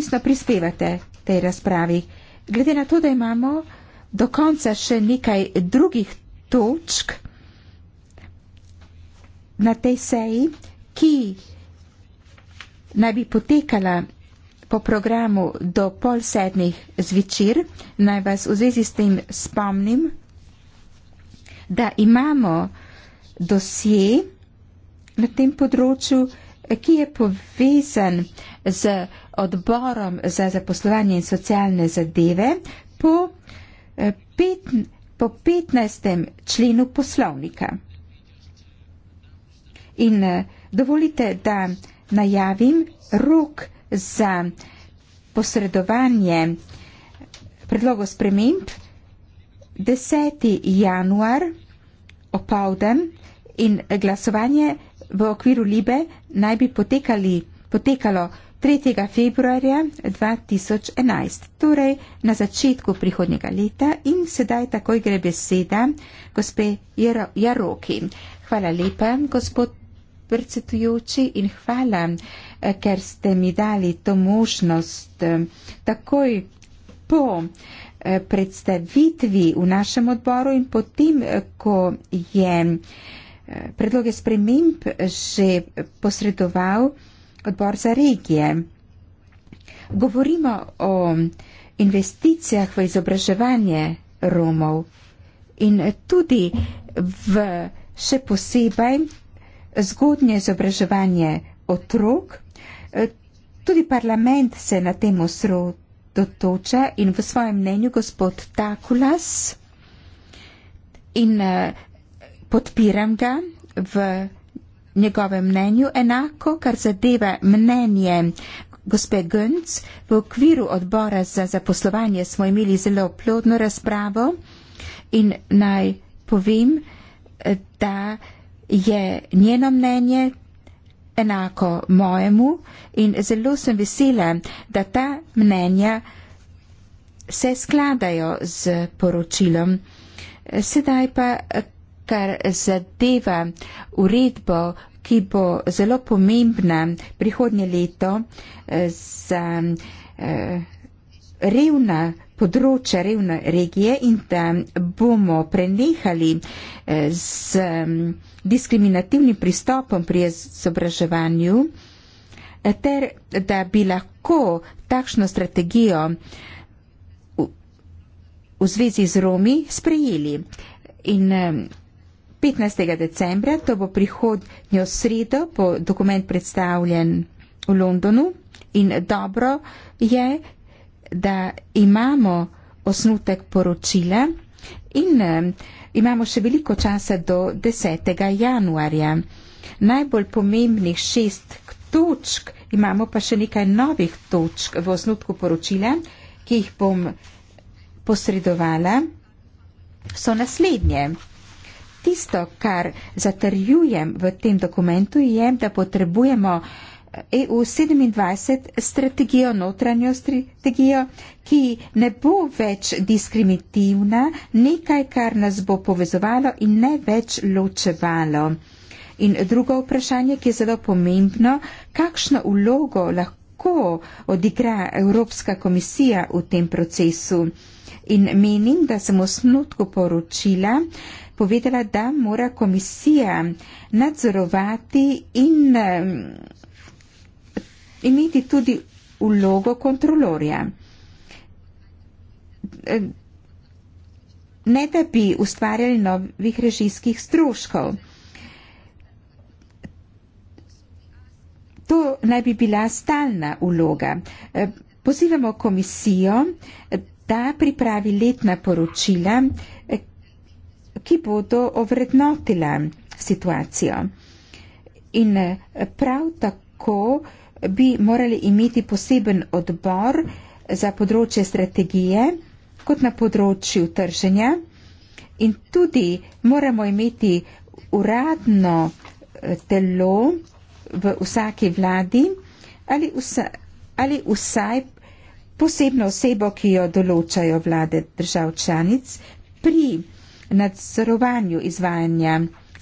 pisno prispevate tej razpravi. Glede na to, da imamo do konca še nekaj drugih točk na tej seji, ki naj bi potekala po programu do pol sedmih zvečer, naj vas v zvezi s tem spomnim, da imamo dosje na tem področju, ki je povezan z odborom za zaposlovanje in socialne zadeve po, eh, pet, po 15. členu poslovnika. In eh, dovolite, da najavim rok za posredovanje predlogov sprememb 10. januar opovdan in glasovanje v okviru Libe naj bi potekali, potekalo 3. februarja 2011, torej na začetku prihodnjega leta in sedaj takoj gre beseda gospe Jaroki. Hvala lepa, gospod predsedujoči in hvala, eh, ker ste mi dali to možnost eh, takoj po eh, predstavitvi v našem odboru in potem, ko je predloge sprememb že posredoval, odbor za regije. Govorimo o investicijah v izobraževanje Romov in tudi v še posebej zgodnje izobraževanje otrok. Tudi parlament se na tem osredotoča in v svojem mnenju gospod Takulas in eh, podpiram ga v njegovem mnenju enako, kar zadeva mnenje gospe Gönc. V okviru odbora za zaposlovanje smo imeli zelo plodno razpravo in naj povem, da je njeno mnenje enako mojemu in zelo sem vesela, da ta mnenja se skladajo z poročilom. Sedaj pa, kar zadeva uredbo, ki bo zelo pomembna prihodnje leto eh, za eh, revna področja, revne regije in da bomo prenehali eh, z mm, diskriminativnim pristopom pri izobraževanju ter da bi lahko takšno strategijo v, v zvezi z Romi sprejeli. In 15. decembra, to bo prihodnjo sredo, bo dokument predstavljen v Londonu in dobro je, da imamo osnutek poročila in imamo še veliko časa do 10. januarja. Najbolj pomembnih šest točk imamo pa še nekaj novih točk v osnutku poročila, ki jih bom posredovala, so naslednje. Tisto, kar zatrjujem v tem dokumentu, je, da potrebujemo EU27 eh, e strategijo, notranjo strategijo, ki ne bo več diskriminativna, nekaj, kar nas bo povezovalo in ne več ločevalo. In drugo vprašanje, ki je zelo pomembno, kakšno vlogo lahko odigra Evropska komisija v tem procesu in menim, da sem v snutku poročila povedala, da mora komisija nadzorovati in um, imeti tudi vlogo kontrolorja. Eh, ne da bi ustvarjali novih režijskih stroškov. To naj bi bila stalna uloga. Eh, pozivamo komisijo, da pripravi letna poročila, ki bodo ovrednotila situacijo. In eh, prav tako bi morali imeti poseben odbor za področje strategije kot na področju trženja in tudi moramo imeti uradno eh, telo v vsaki vladi ali, vsa, ali vsaj posebno osebo, ki jo določajo vlade držav članic pri nadzorovanju izvajanja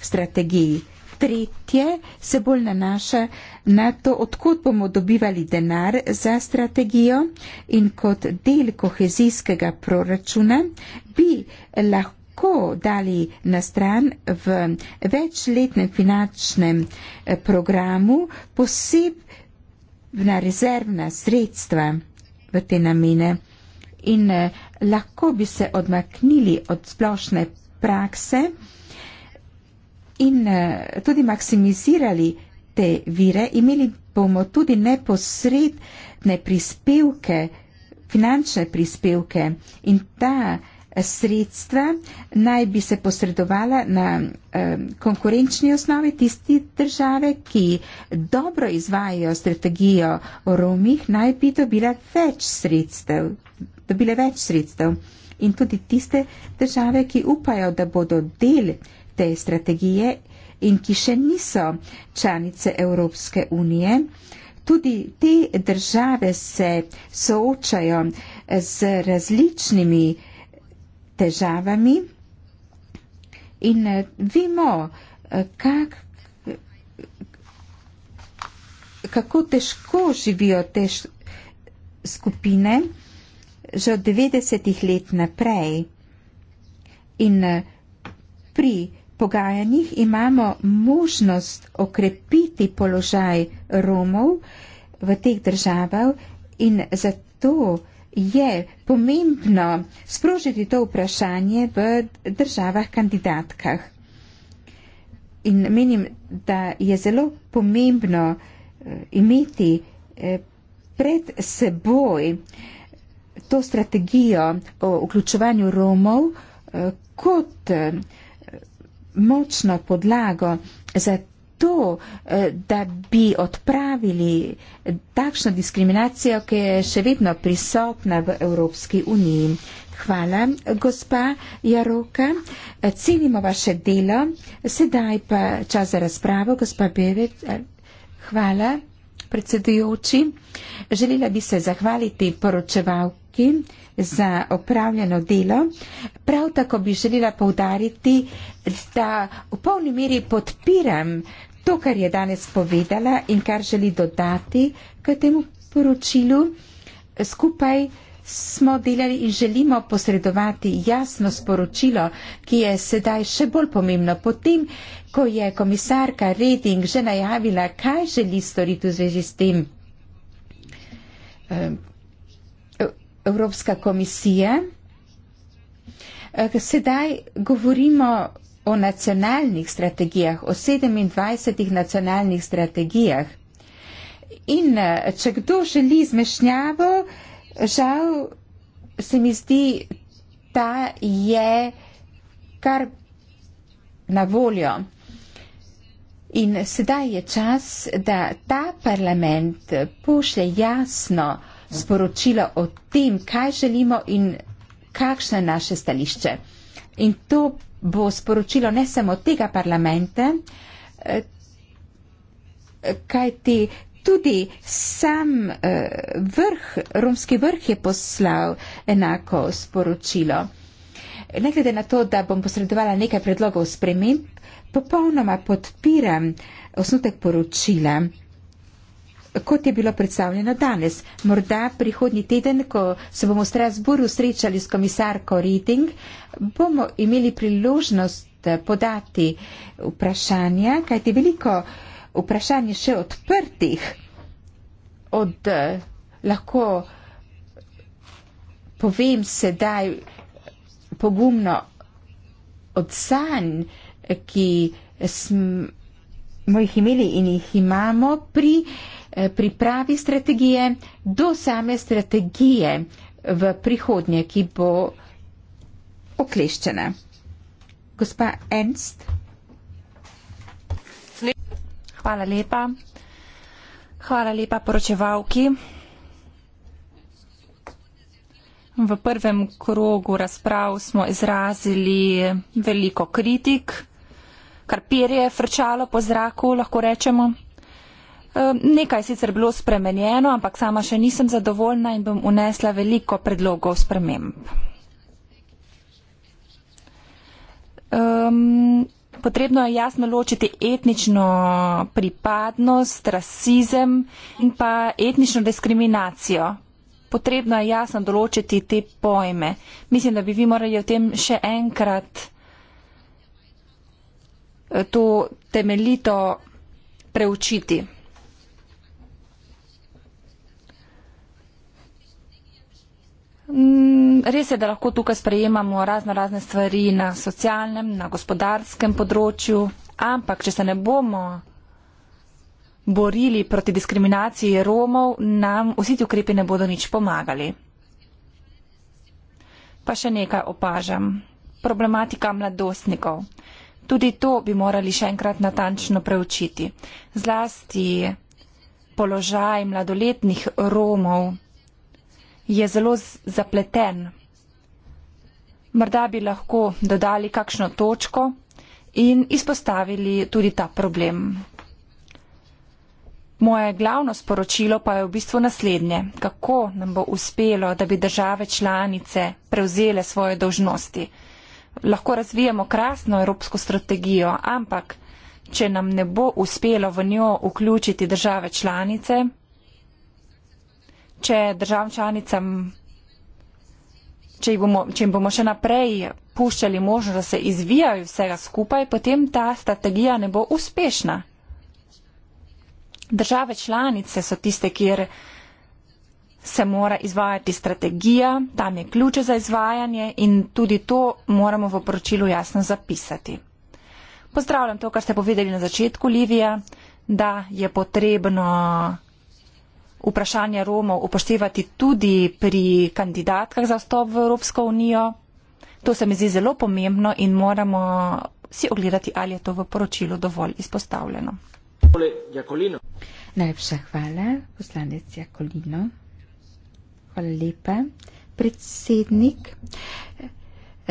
strategiji. Tretje se bolj nanaša na to, odkot bomo dobivali denar za strategijo in kot del kohezijskega proračuna bi lahko dali na stran v večletnem finančnem eh, programu poseb na rezervna sredstva v te namene in eh, lahko bi se odmaknili od splošne prakse in eh, tudi maksimizirali te vire, imeli bomo tudi neposredne prispevke, finančne prispevke in ta sredstva naj bi se posredovala na eh, konkurenčni osnovi tisti države, ki dobro izvajajo strategijo o romih, naj bi dobila več sredstev, dobile več sredstev. In tudi tiste države, ki upajo, da bodo del te strategije in ki še niso članice Evropske unije, tudi te države se soočajo z različnimi eh, težavami in eh, vemo, eh, kak, kako težko živijo te skupine že od 90-ih let naprej. In eh, pri pogajanjih imamo možnost okrepiti položaj Romov v teh državah in zato je pomembno sprožiti to vprašanje v državah kandidatkah. In menim, da je zelo pomembno eh, imeti eh, pred seboj eh, to strategijo o vključevanju Romov kot močno podlago za to, eh, da bi odpravili takšno diskriminacijo, ki je še vedno prisotna v Evropski uniji. Hvala, gospa Jaroka. Cenimo vaše delo. Sedaj pa čas za razpravo, gospa Bevet. Hvala, predsedujoči. Želela bi se zahvaliti poročevalki za opravljeno delo. Prav tako bi želela povdariti, da v polni meri podpiram to, kar je danes povedala in kar želi dodati k temu poročilu, skupaj smo delali in želimo posredovati jasno sporočilo, ki je sedaj še bolj pomembno. Potem, ko je komisarka Reding že najavila, kaj želi storiti v zvezi s tem, eh, Evropska komisija. Eh, sedaj govorimo o nacionalnih strategijah, o 27 nacionalnih strategijah. In eh, če kdo želi zmešnjavo, žal se mi zdi, ta je kar na voljo. In sedaj je čas, da ta parlament pošlje jasno sporočilo o tem, kaj želimo in kakšno je naše stališče. In to bo sporočilo ne samo tega parlamenta, eh, kajti tudi sam eh, vrh, romski vrh je poslal enako sporočilo. Ne glede na to, da bom posredovala nekaj predlogov sprememb, popolnoma podpiram osnutek poročila kot je bilo predstavljeno danes. Morda prihodnji teden, ko se bomo v Strasburu srečali s komisarko Reading, bomo imeli priložnost eh, podati vprašanja, kajti veliko vprašanj je še odprtih od eh, lahko povem sedaj pogumno od sanj, ki smo jih imeli in jih imamo pri Eh, pripravi strategije do same strategije v prihodnje, ki bo okleščena. Gospa Ernst. Hvala lepa. Hvala lepa poročevalki. V prvem krogu razprav smo izrazili veliko kritik, kar perje frčalo po zraku, lahko rečemo. Nekaj je sicer bilo spremenjeno, ampak sama še nisem zadovoljna in bom unesla veliko predlogov sprememb. Um, potrebno je jasno ločiti etnično pripadnost, rasizem in pa etnično diskriminacijo. Potrebno je jasno določiti te pojme. Mislim, da bi vi morali o tem še enkrat eh, to temeljito preučiti. Mm, res je, da lahko tukaj sprejemamo razno razne stvari na socialnem, na gospodarskem področju, ampak če se ne bomo borili proti diskriminaciji Romov, nam vsi ti ukrepi ne bodo nič pomagali. Pa še nekaj opažam. Problematika mladostnikov. Tudi to bi morali še enkrat natančno preučiti. Zlasti položaj mladoletnih Romov je zelo zapleten. Morda bi lahko dodali kakšno točko in izpostavili tudi ta problem. Moje glavno sporočilo pa je v bistvu naslednje. Kako nam bo uspelo, da bi države članice prevzele svoje dožnosti? Lahko razvijemo krasno evropsko strategijo, ampak če nam ne bo uspelo v njo vključiti države članice, če državam članicam, če jim, bomo, če jim bomo še naprej puščali možnost, da se izvijajo vsega skupaj, potem ta strategija ne bo uspešna. Države članice so tiste, kjer se mora izvajati strategija, tam je ključ za izvajanje in tudi to moramo v poročilu jasno zapisati. Pozdravljam to, kar ste povedali na začetku, Livija, da je potrebno vprašanje Romov upoštevati tudi pri kandidatkah za vstop v Evropsko unijo. To se mi zdi zelo pomembno in moramo si ogledati, ali je to v poročilu dovolj izpostavljeno. Najlepša hvala, poslanec Jakolino. Hvala lepa, predsednik.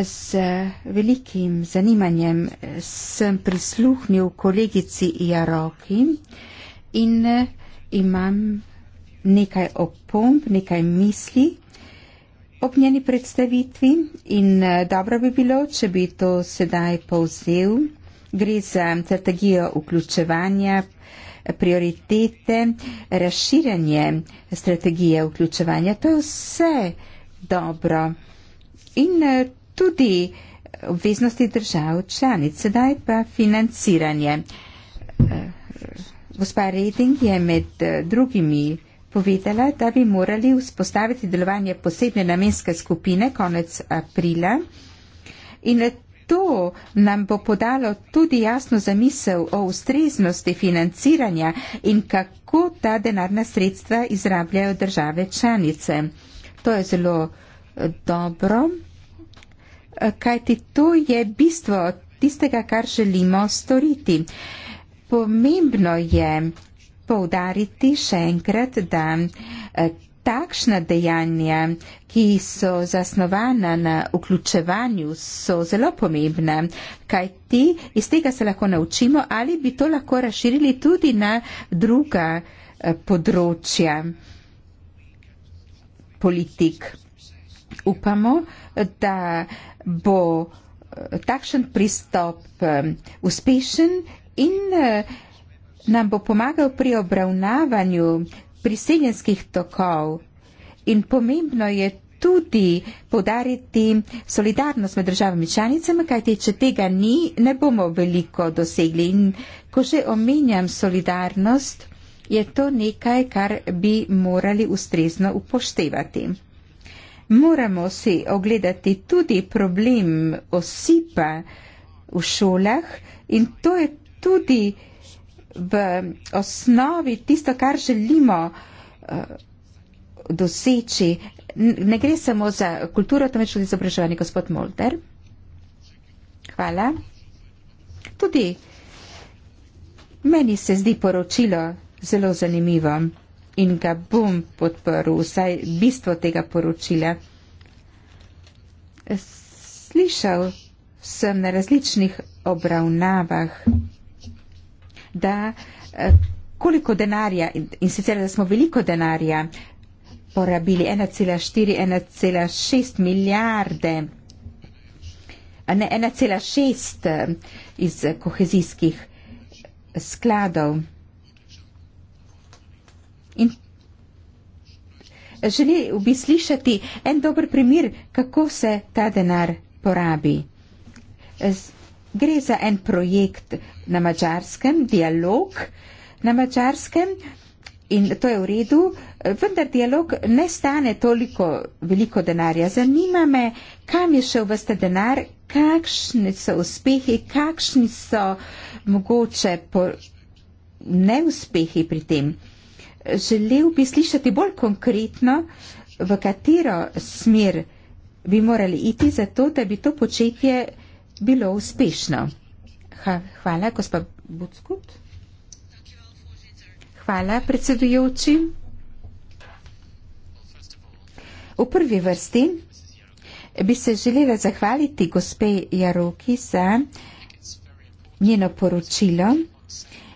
Z velikim zanimanjem sem prisluhnil kolegici Jaroki in eh, imam nekaj opomb, nekaj misli ob njeni predstavitvi in eh, dobro bi bilo, če bi to sedaj povzel. Gre za strategijo vključevanja, prioritete, razširanje strategije vključevanja. To je vse dobro. In eh, tudi obveznosti držav članic. Sedaj pa financiranje. Eh, gospa Reding je med drugimi povedala, da bi morali vzpostaviti delovanje posebne namenske skupine konec aprila. In to nam bo podalo tudi jasno zamisel o ustreznosti financiranja in kako ta denarna sredstva izrabljajo države članice. To je zelo eh, dobro, eh, kajti to je bistvo tistega, kar želimo storiti. Pomembno je, poudariti še enkrat, da eh, takšna dejanja, ki so zasnovana na vključevanju, so zelo pomembna, kajti iz tega se lahko naučimo ali bi to lahko razširili tudi na druga eh, področja politik. Upamo, da bo eh, takšen pristop uspešen in uh, nam bo pomagal pri obravnavanju priseljenskih tokov in pomembno je tudi podariti solidarnost med državami članicami, kajte če tega ni, ne bomo veliko dosegli. In ko že omenjam solidarnost, je to nekaj, kar bi morali ustrezno upoštevati. Moramo si ogledati tudi problem osipa v šolah in to je tudi v osnovi tisto, kar želimo eh, doseči. Ne gre samo za kulturo, temveč tudi za izobraževanje, gospod Molder. Hvala. Tudi meni se zdi poročilo zelo zanimivo in ga bom podprl, vsaj bistvo tega poročila. Slišal sem na različnih obravnavah da eh, koliko denarja in sicer, da smo veliko denarja porabili, 1,4-1,6 milijarde, ne 1,6 eh, iz kohezijskih skladov. In želim bi slišati en dober primer, kako se ta denar porabi. Eh, gre za en projekt na mačarskem, dialog na mačarskem in to je v redu, vendar dialog ne stane toliko veliko denarja. Zanima me, kam je šel vsta denar, kakšni so uspehi, kakšni so mogoče neuspehi pri tem. Želel bi slišati bolj konkretno, v katero smer bi morali iti za to, da bi to početje bilo uspešno. Ha, hvala, gospod Budskut. Hvala, predsedujoči. V prvi vrsti bi se želela zahvaliti gospe Jaroki za njeno poročilo.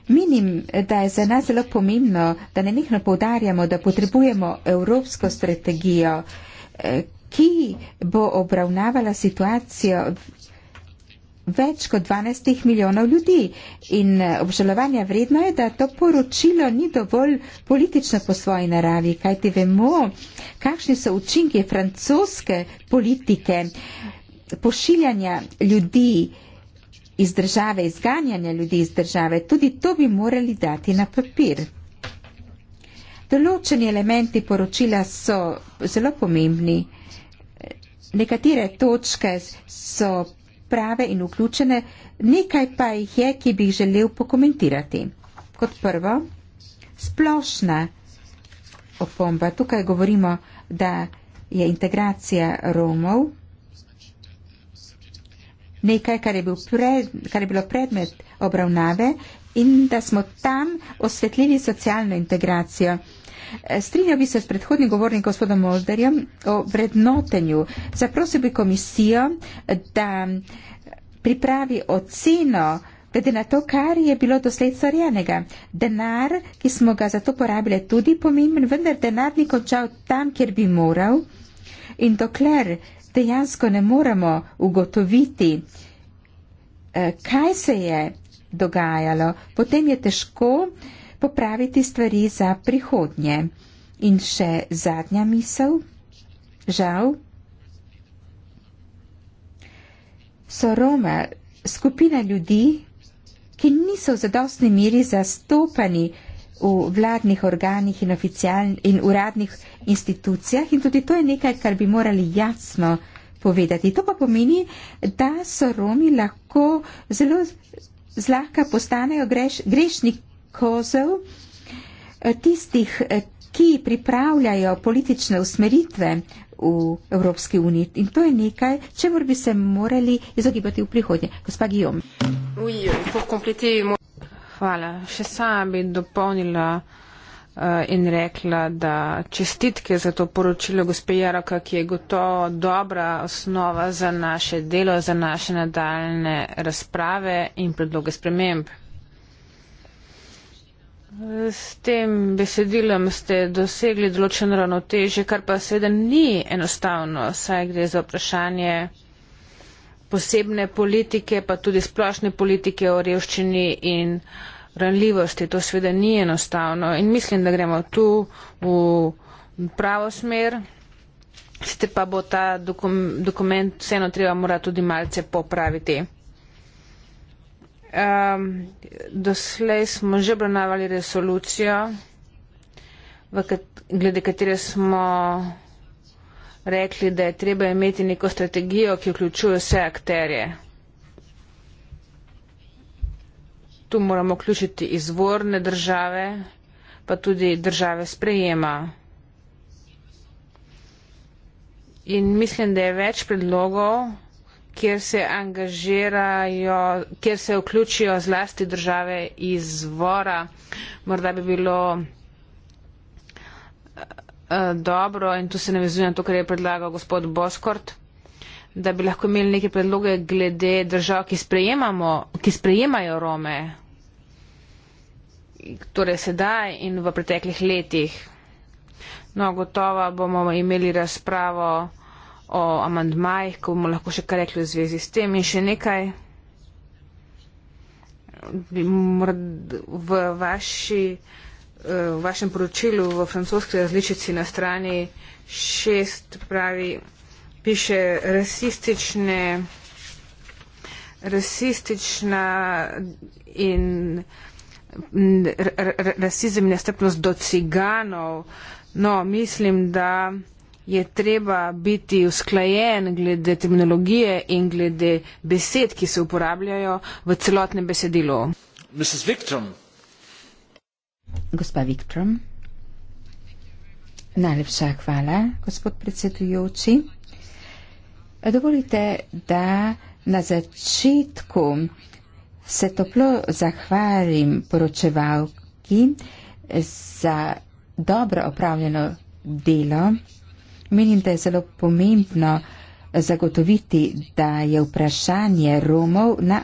Menim, da je za nas zelo pomembno, da ne nekno povdarjamo, da potrebujemo evropsko strategijo, eh, ki bo obravnavala situacijo več kot 12 milijonov ljudi. In eh, obžalovanja vredno je, da to poročilo ni dovolj politično po svoji naravi, kajti vemo, kakšni so učinki francoske politike pošiljanja ljudi iz države, izganjanja ljudi iz države. Tudi to bi morali dati na papir. Določeni elementi poročila so zelo pomembni. Nekatere točke so prave in vključene, nekaj pa jih je, ki bi jih želel pokomentirati. Kot prvo, splošna opomba. Tukaj govorimo, da je integracija Romov nekaj, kar je, bil pred, kar je bilo predmet obravnave in da smo tam osvetlili socialno integracijo. E, Strinjal bi se s predhodnim govornikom gospodom Molderjem o vrednotenju. Zaprosil bi komisijo, da pripravi oceno glede na to, kar je bilo doslej storjenega. Denar, ki smo ga za to porabili, je tudi pomemben, vendar denar ni končal tam, kjer bi moral. In dokler dejansko ne moremo ugotoviti, e, kaj se je dogajalo, potem je težko uh, popraviti stvari za prihodnje. In še zadnja misel. Žal. So Roma skupina ljudi, ki niso v zadostni miri zastopani v vladnih organih in, in uradnih institucijah in tudi to je nekaj, kar bi morali jasno povedati. To pa pomeni, da so Romi lahko zelo zlahka postanejo greš, grešniki kozel, eh, tistih, eh, ki pripravljajo politične usmeritve v Evropski uniji. In to je nekaj, čemur bi se morali izogibati v prihodnje. Gospa Gijom. Euh, Hvala. Še sama bi dopolnila eh, in rekla, da čestitke za to poročilo gospe Jaroka, ki je gotovo dobra osnova za naše delo, za naše nadaljne razprave in predloge sprememb. S tem besedilom ste dosegli določen ravnotežje, kar pa seveda ni enostavno, saj gre za vprašanje posebne politike, pa tudi splošne politike o revščini in ranljivosti. To seveda ni enostavno in mislim, da gremo tu v pravo smer. Sicer pa bo ta dokum, dokument vseeno treba mora tudi malce popraviti. Um, doslej smo že obravnavali resolucijo, kat glede katere smo rekli, da je treba imeti neko strategijo, ki vključuje vse akterje. Tu moramo vključiti izvorne države, pa tudi države sprejema. In mislim, da je več predlogov kjer se angažirajo, kjer se vključijo zlasti države izvora. Morda bi bilo eh, dobro in tu se navezuje na to, kar je predlagal gospod Boskort, da bi lahko imeli neke predloge glede držav, ki, ki sprejemajo Rome, torej sedaj in v preteklih letih. No, gotovo bomo imeli razpravo o amandmajih, ko bomo lahko še kaj rekli v zvezi s tem in še nekaj. V, vaši, eh, v vašem poročilu v francoski različici na strani šest pravi, piše rasistične, rasistična in r, r, rasizem in nestrpnost do ciganov. No, mislim, da je treba biti usklajen glede terminologije in glede besed, ki se uporabljajo v celotnem besedilu. Viktrom. Gospa Viktrom. Najlepša hvala, gospod predsedujoči. Dovolite, da na začetku se toplo zahvalim poročevalki za dobro opravljeno delo Menim, da je zelo pomembno zagotoviti, da je vprašanje Romov na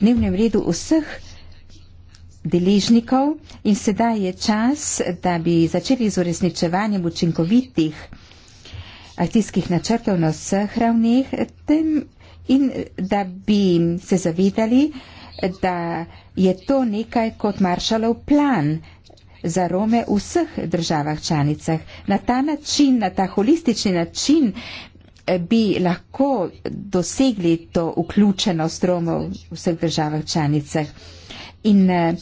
dnevnem redu vseh deležnikov in sedaj je čas, da bi začeli z uresničevanjem učinkovitih akcijskih načrtov na vseh ravneh in da bi se zavedali, da je to nekaj kot maršalov plan, za Rome v vseh državah članicah. Na ta način, na ta holistični način eh, bi lahko dosegli to vključenost Romov v vseh državah članicah. In eh,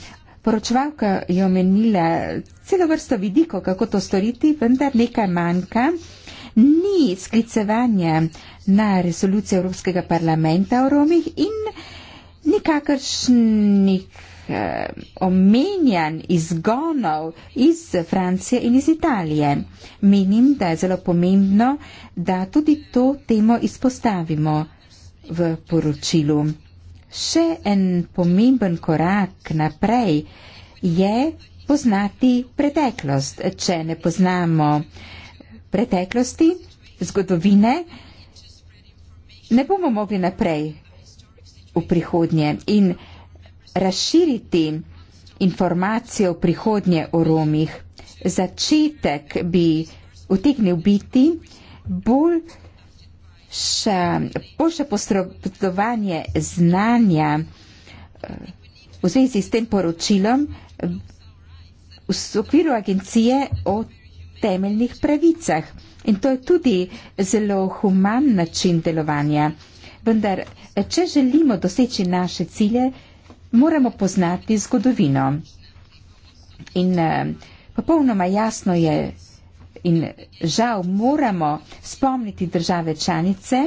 poročevalka je omenila celo vrsto vidikov, kako to storiti, vendar nekaj manjka. Ni sklicevanja na resolucije Evropskega parlamenta o Romih in nikakršnih eh, omenjanj izgonov iz Francije in iz Italije. Menim, da je zelo pomembno, da tudi to temo izpostavimo v poročilu. Še en pomemben korak naprej je poznati preteklost. Če ne poznamo preteklosti, zgodovine, ne bomo mogli naprej v prihodnje. In razširiti informacije o prihodnje o Romih. Začetek bi utegnil biti bolj še, boljše posredovanje znanja eh, v zvezi s tem poročilom v okviru agencije o temeljnih pravicah. In to je tudi zelo human način delovanja. Vendar, eh, če želimo doseči naše cilje, moramo poznati zgodovino. In eh, popolnoma jasno je in žal moramo spomniti države članice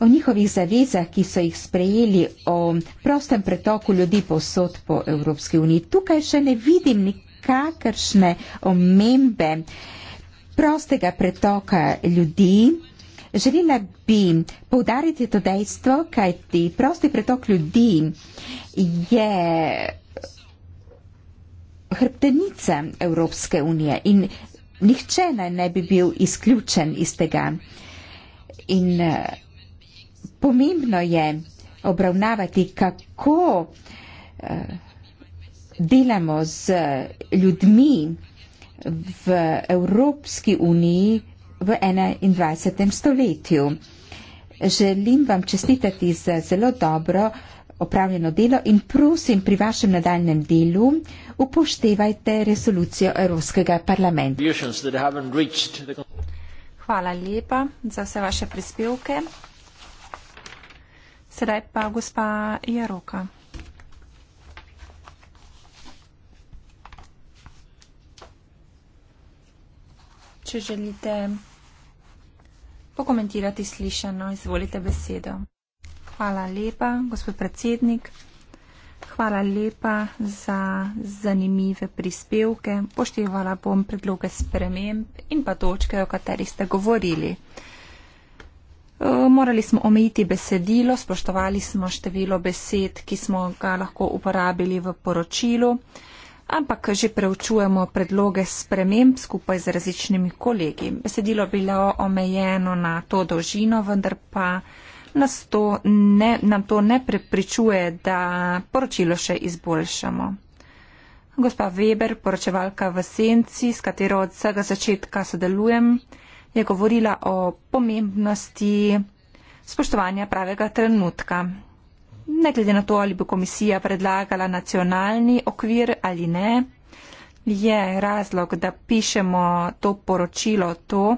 o njihovih zavezah, ki so jih sprejeli o prostem pretoku ljudi posod po Evropski uniji. Tukaj še ne vidim nikakršne omembe prostega pretoka ljudi. Želela bi povdariti to dejstvo, kaj ti prosti pretok ljudi je hrbtenica Evropske unije in nihče naj ne bi bil izključen iz tega. In eh, pomembno je obravnavati, kako eh, delamo z ljudmi v Evropski uniji v 21. stoletju. Želim vam čestitati za zelo dobro opravljeno delo in prosim pri vašem nadaljem delu upoštevajte resolucijo Evropskega parlamenta. Hvala lepa za vse vaše prispevke. Sedaj pa gospa Jaroka. Če želite pokomentirati slišano. Izvolite besedo. Hvala lepa, gospod predsednik. Hvala lepa za zanimive prispevke. Poštevala bom predloge sprememb in pa točke, o katerih ste govorili. E, morali smo omejiti besedilo, spoštovali smo število besed, ki smo ga lahko uporabili v poročilu. Uh, ampak že preučujemo predloge sprememb skupaj z različnimi kolegi. Besedilo bi bilo omejeno na to dolžino, vendar pa nas to ne, nam to ne prepričuje, da poročilo še izboljšamo. Gospa Weber, poročevalka v Senci, s katero od vsega začetka sodelujem, je govorila o pomembnosti spoštovanja pravega trenutka ne glede na to, ali bo komisija predlagala nacionalni okvir ali ne, je razlog, da pišemo to poročilo to,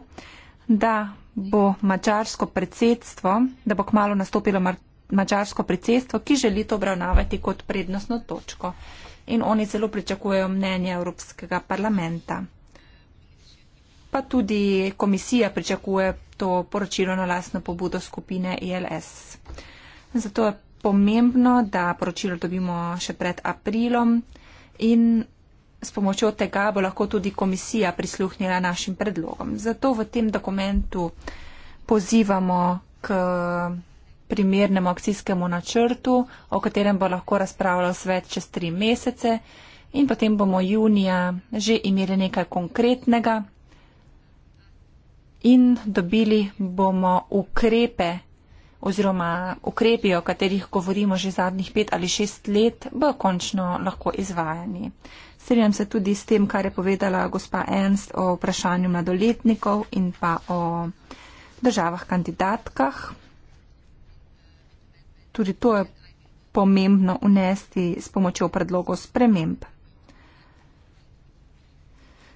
da bo mačarsko predsedstvo, da bo kmalo nastopilo mačarsko predsedstvo, ki želi to obravnavati kot prednostno točko. In oni zelo pričakujejo mnenje Evropskega parlamenta. Pa tudi komisija pričakuje to poročilo na lasno pobudo skupine ILS. E Zato je pomembno, da poročilo dobimo še pred aprilom in s pomočjo tega bo lahko tudi komisija prisluhnila našim predlogom. Zato v tem dokumentu pozivamo k primernemu akcijskemu načrtu, o katerem bo lahko razpravljal svet čez tri mesece in potem bomo junija že imeli nekaj konkretnega in dobili bomo ukrepe, oziroma ukrepi, o katerih govorimo že zadnjih pet ali šest let, bo končno lahko izvajani. Strenjam se tudi s tem, kar je povedala gospa Ernst o vprašanju mladoletnikov in pa o državah kandidatkah. Tudi to je pomembno unesti s pomočjo predlogov sprememb.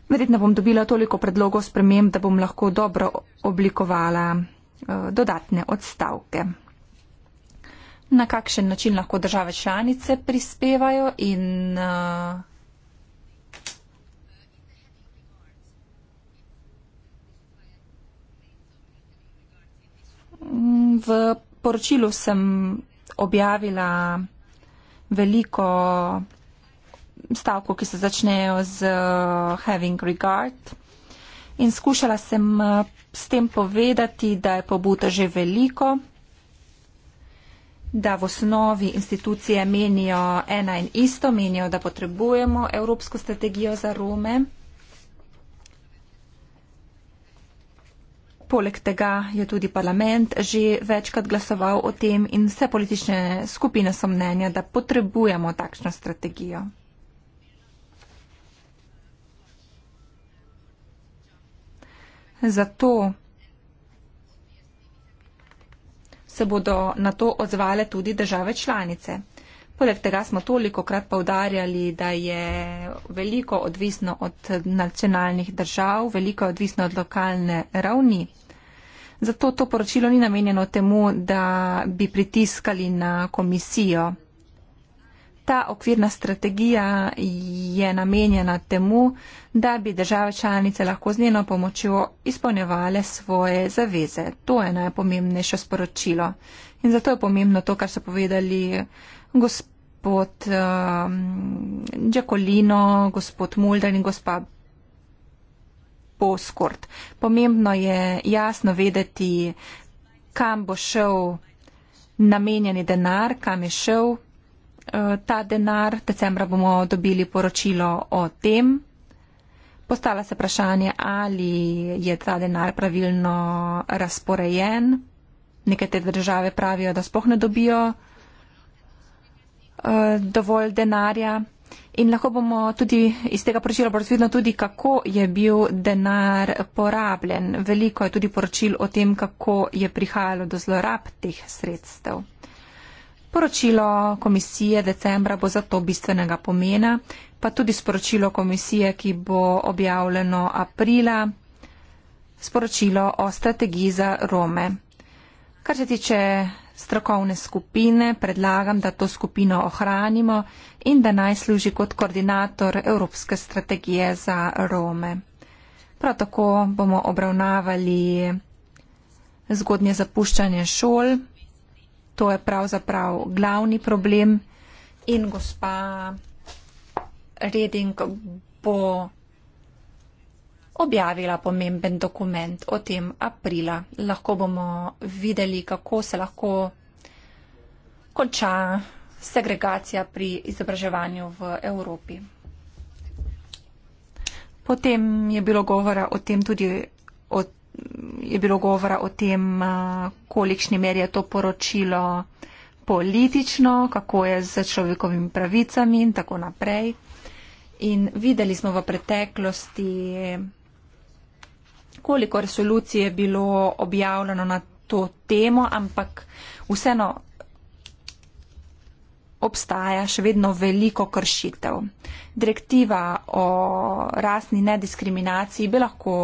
Verjetno bom dobila toliko predlogov sprememb, da bom lahko dobro oblikovala Eh, dodatne odstavke. Na kakšen način lahko države članice prispevajo in eh, V poročilu sem objavila veliko stavkov, ki se začnejo z eh, having regard in skušala sem eh, s tem povedati, da je pobuda že veliko, da v osnovi institucije menijo ena in isto, menijo, da potrebujemo evropsko strategijo za Rome. Poleg tega je tudi parlament že večkrat glasoval o tem in vse politične skupine so mnenja, da potrebujemo takšno strategijo. zato se bodo na to odzvale tudi države članice. Poleg tega smo toliko krat povdarjali, da je veliko odvisno od nacionalnih držav, veliko je odvisno od lokalne ravni. Zato to poročilo ni namenjeno temu, da bi pritiskali na komisijo. Ta okvirna strategija je namenjena temu, da bi države članice lahko z njeno pomočjo izpolnjevale svoje zaveze. To je najpomembnejše sporočilo. In zato je pomembno to, kar so povedali gospod uh, um, Džakolino, gospod Mulder in gospa Poskort. Pomembno je jasno vedeti, kam bo šel namenjeni denar, kam je šel, Eh, ta denar. Decembra bomo dobili poročilo o tem. Postala se vprašanje, ali je ta denar pravilno razporejen. Nekatere države pravijo, da spoh ne dobijo eh, dovolj denarja. In lahko bomo tudi iz tega poročila razvidno tudi, kako je bil denar porabljen. Veliko je tudi poročil o tem, kako je prihajalo do zlorab teh sredstev. Poročilo komisije decembra bo zato bistvenega pomena, pa tudi sporočilo komisije, ki bo objavljeno aprila, sporočilo o strategiji za Rome. Kar se tiče strokovne skupine, predlagam, da to skupino ohranimo in da naj služi kot koordinator Evropske strategije za Rome. Prav tako bomo obravnavali zgodnje zapuščanje šol, to je pravzaprav glavni problem in gospa Reding bo objavila pomemben dokument o tem aprila. Lahko bomo videli, kako se lahko konča segregacija pri izobraževanju v Evropi. Potem je bilo govora o tem tudi o je bilo govora o tem, eh, kolikšni meri je to poročilo politično, kako je z človekovimi pravicami in tako naprej. In videli smo v preteklosti, koliko resolucij je bilo objavljeno na to temo, ampak vseeno obstaja še vedno veliko kršitev. Direktiva o rasni nediskriminaciji bi lahko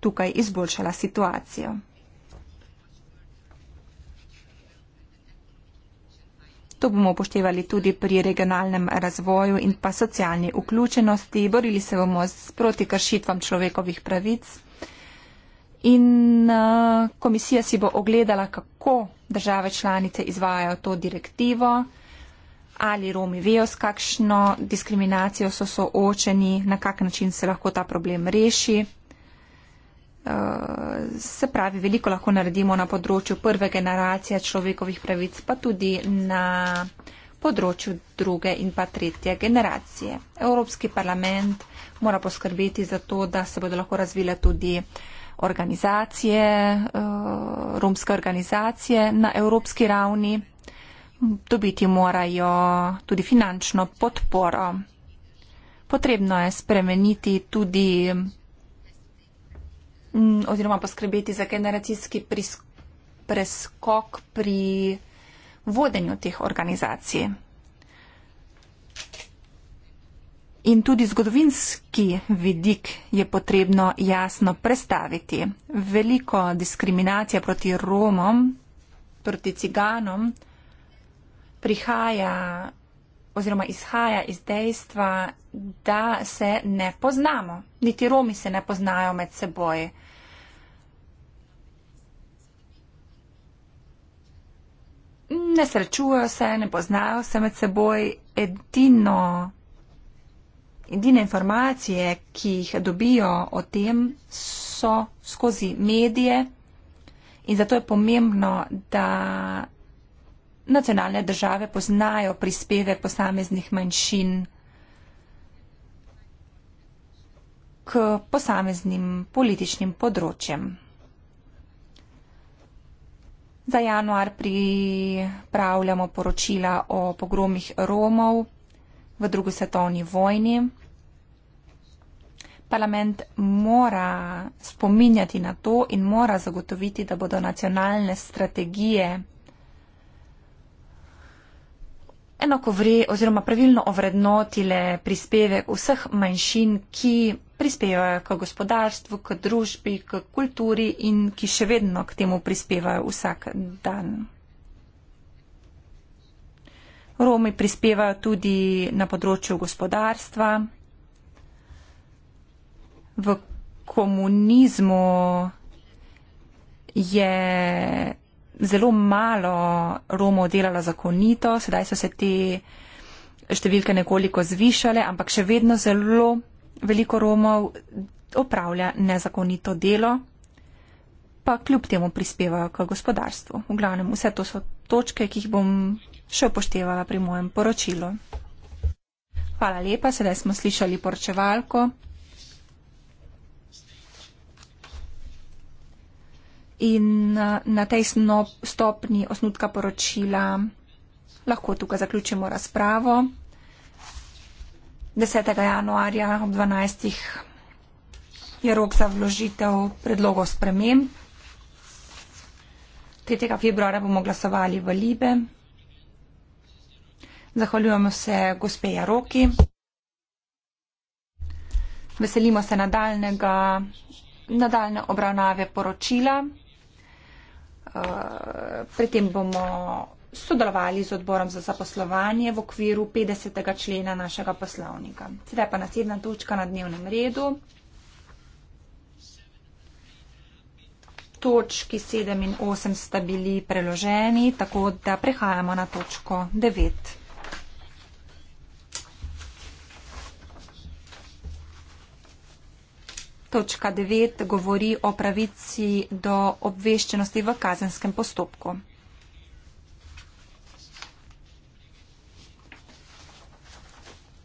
tukaj izboljšala situacijo. To bomo upoštevali tudi pri regionalnem razvoju in pa socialni vključenosti. Borili se bomo s proti kršitvam človekovih pravic in uh, komisija si bo ogledala, kako države članice izvajajo to direktivo, ali Romi vejo, s kakšno diskriminacijo so soočeni, na kak način se lahko ta problem reši se pravi, veliko lahko naredimo na področju prve generacije človekovih pravic, pa tudi na področju druge in pa tretje generacije. Evropski parlament mora poskrbeti za to, da se bodo lahko razvile tudi organizacije, eh, romske organizacije na evropski ravni. Dobiti morajo tudi finančno podporo. Potrebno je spremeniti tudi oziroma poskrbeti za generacijski preskok pri vodenju teh organizacij. In tudi zgodovinski vidik je potrebno jasno predstaviti. Veliko diskriminacija proti Romom, proti ciganom prihaja oziroma izhaja iz dejstva, da se ne poznamo. Niti Romi se ne poznajo med seboj. ne srečujejo se, ne poznajo se med seboj. Edino, edine informacije, ki jih dobijo o tem, so skozi medije in zato je pomembno, da nacionalne države poznajo prispeve posameznih manjšin k posameznim političnim področjem. Za januar pripravljamo poročila o pogromih Romov v drugi svetovni vojni. Parlament mora spominjati na to in mora zagotoviti, da bodo nacionalne strategije enakovre oziroma pravilno ovrednotile prispevek vseh manjšin, ki prispevajo k gospodarstvu, k družbi, k kulturi in ki še vedno k temu prispevajo vsak dan. Romi prispevajo tudi na področju gospodarstva. V komunizmu je zelo malo Romov delalo zakonito, sedaj so se te številke nekoliko zvišale, ampak še vedno zelo veliko Romov opravlja nezakonito delo, pa kljub temu prispevajo k gospodarstvu. V glavnem, vse to so točke, ki jih bom še upoštevala pri mojem poročilu. Hvala lepa, sedaj smo slišali poročevalko. in eh, na tej stopni osnutka poročila lahko tukaj zaključimo razpravo. 10. januarja ob 12. je rok za vložitev predlogov sprememb. 3. februara bomo glasovali v Libe. Zahvaljujemo se gospe Jaroki. Veselimo se nadaljnega, nadaljne obravnave poročila. Eh, pri tem bomo sodelovali z odborom za zaposlovanje v okviru 50. člena našega poslovnika. Sedaj pa naslednja točka na dnevnem redu. Točki 7 in 8 sta bili preloženi, tako da prehajamo na točko 9. točka 9 govori o pravici do obveščenosti v kazenskem postopku.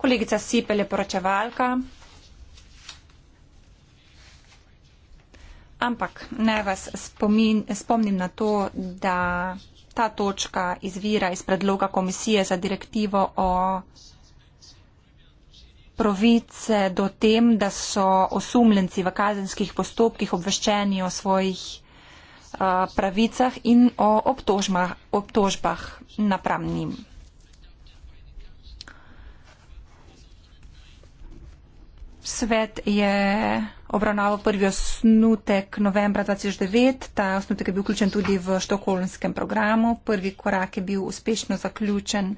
Kolegica Sipel je poročevalka, ampak ne vas spomin, spomnim na to, da ta točka izvira iz predloga komisije za direktivo o pravice do tem, da so osumljenci v kazenskih postopkih obveščeni o svojih uh, pravicah in o obtožbah, obtožbah napram njim. Svet je obravnaval prvi osnutek novembra 2009, ta osnutek je bil vključen tudi v štokholmskem programu, prvi korak je bil uspešno zaključen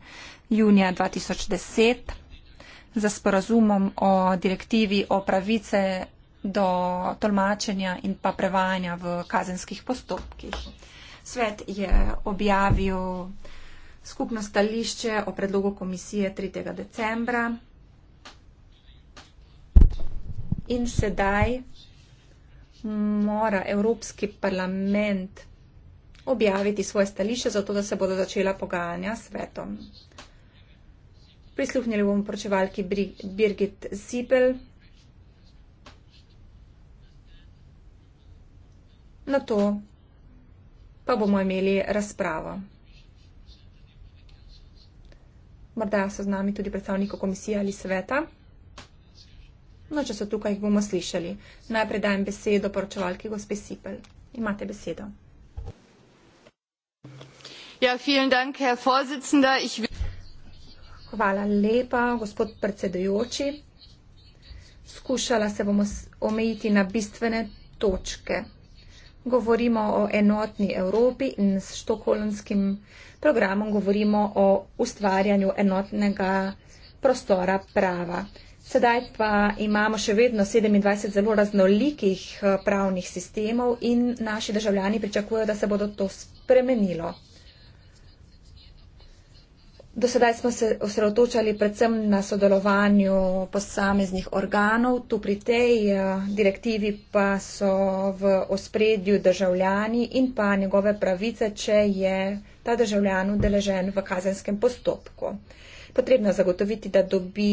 junija 2010 za sporazumom o direktivi o pravice do tolmačenja in pa prevajanja v kazenskih postopkih. Svet je objavil skupno stališče o predlogu komisije 3. decembra in sedaj mora Evropski parlament objaviti svoje stališče, zato da se bodo začela pogajanja s svetom. Prisluhnili bomo poročevalki Birgit Zipel. Na to pa bomo imeli razpravo. Morda so z nami tudi predstavniki komisije ali sveta. No, če so tukaj, jih bomo slišali. Najprej dajem besedo poročevalki gospe Sipel. Imate besedo. Ja, vielen Dank, Herr Vorsitzender. Ich will... Hvala lepa, gospod predsedujoči. Skušala se bomo omejiti na bistvene točke. Govorimo o enotni Evropi in s štokolonskim programom govorimo o ustvarjanju enotnega prostora prava. Sedaj pa imamo še vedno 27 zelo raznolikih eh, pravnih sistemov in naši državljani pričakujejo, da se bodo to spremenilo. Do sedaj smo se osredotočali predvsem na sodelovanju posameznih organov, tu pri tej eh, direktivi pa so v ospredju državljani in pa njegove pravice, če je ta državljan udeležen v kazenskem postopku. Potrebno je zagotoviti, da dobi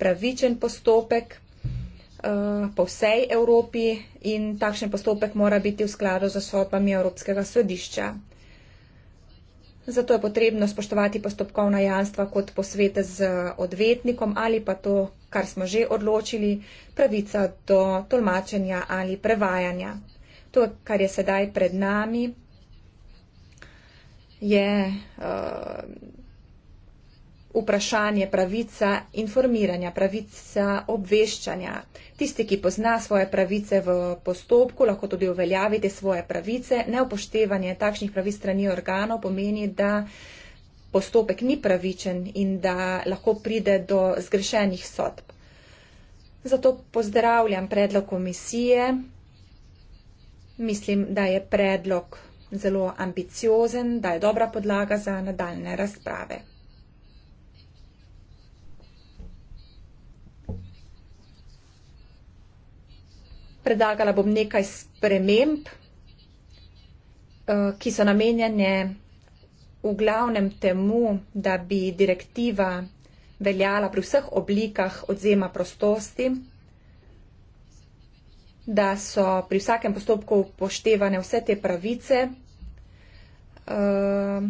pravičen postopek eh, po vsej Evropi in takšen postopek mora biti v skladu z osodbami Evropskega sodišča. Zato je potrebno spoštovati postopkovna jamstva kot posvete z odvetnikom ali pa to, kar smo že odločili, pravica do tolmačenja ali prevajanja. To, kar je sedaj pred nami, je. Uh, vprašanje pravica informiranja, pravica obveščanja. Tisti, ki pozna svoje pravice v postopku, lahko tudi uveljavite svoje pravice. Neupoštevanje takšnih pravic strani organov pomeni, da postopek ni pravičen in da lahko pride do zgrešenih sodb. Zato pozdravljam predlog komisije. Mislim, da je predlog zelo ambiciozen, da je dobra podlaga za nadaljne razprave. predlagala bom nekaj sprememb, eh, ki so namenjene v glavnem temu, da bi direktiva veljala pri vseh oblikah odzema prostosti, da so pri vsakem postopku upoštevane vse te pravice. Eh,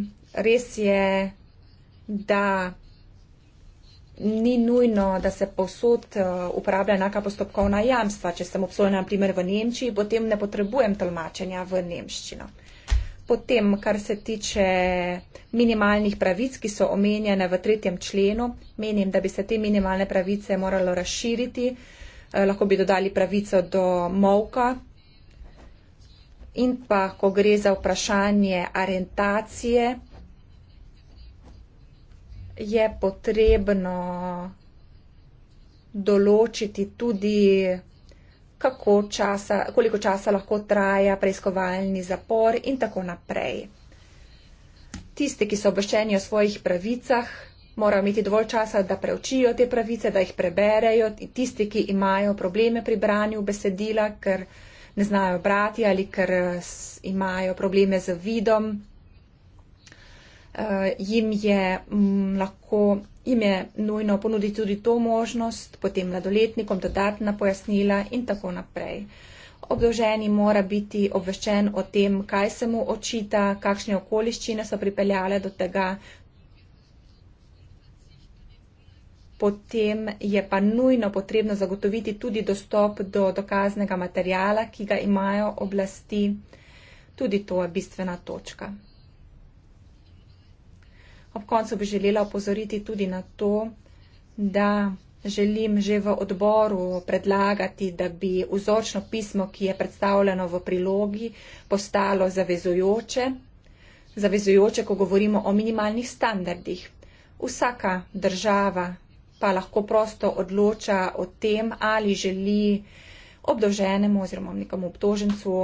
res je, da ni nujno, da se povsod eh, uporablja enaka postopkovna jamstva. Če sem obsojen, na primer, v Nemčiji, potem ne potrebujem tolmačenja v nemščino. Potem, kar se tiče minimalnih pravic, ki so omenjene v tretjem členu, menim, da bi se te minimalne pravice moralo razširiti. Eh, lahko bi dodali pravico do molka. In pa, ko gre za vprašanje orientacije, je potrebno določiti tudi, kako časa, koliko časa lahko traja preiskovalni zapor in tako naprej. Tisti, ki so obveščeni o svojih pravicah, morajo imeti dovolj časa, da preučijo te pravice, da jih preberejo. Tisti, ki imajo probleme pri branju besedila, ker ne znajo brati ali ker imajo probleme z vidom, uh, jim je m, mm, lahko, jim je nujno ponuditi tudi to možnost, potem mladoletnikom dodatna pojasnila in tako naprej. Obdoženi mora biti obveščen o tem, kaj se mu očita, kakšne okoliščine so pripeljale do tega. Potem je pa nujno potrebno zagotoviti tudi dostop do dokaznega materijala, ki ga imajo oblasti. Tudi to je bistvena točka. Ob koncu bi želela opozoriti tudi na to, da želim že v odboru predlagati, da bi vzorčno pismo, ki je predstavljeno v prilogi, postalo zavezujoče. Zavezujoče, ko govorimo o minimalnih standardih. Vsaka država pa lahko prosto odloča o tem, ali želi obdoženemu oziroma nekomu obtožencu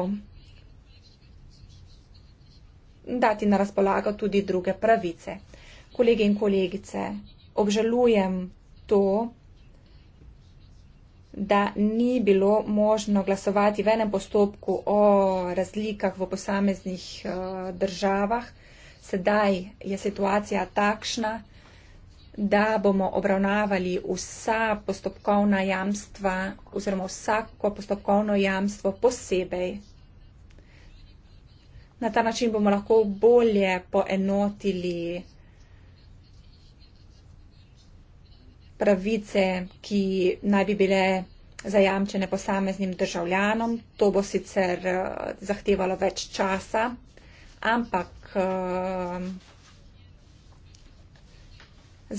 dati na razpolago tudi druge pravice kolege in kolegice, obžalujem to, da ni bilo možno glasovati v enem postopku o razlikah v posameznih eh, državah. Sedaj je situacija takšna, da bomo obravnavali vsa postopkovna jamstva oziroma vsako postopkovno jamstvo posebej. Na ta način bomo lahko bolje poenotili pravice, ki naj bi bile zajamčene posameznim državljanom. To bo sicer eh, zahtevalo več časa, ampak eh,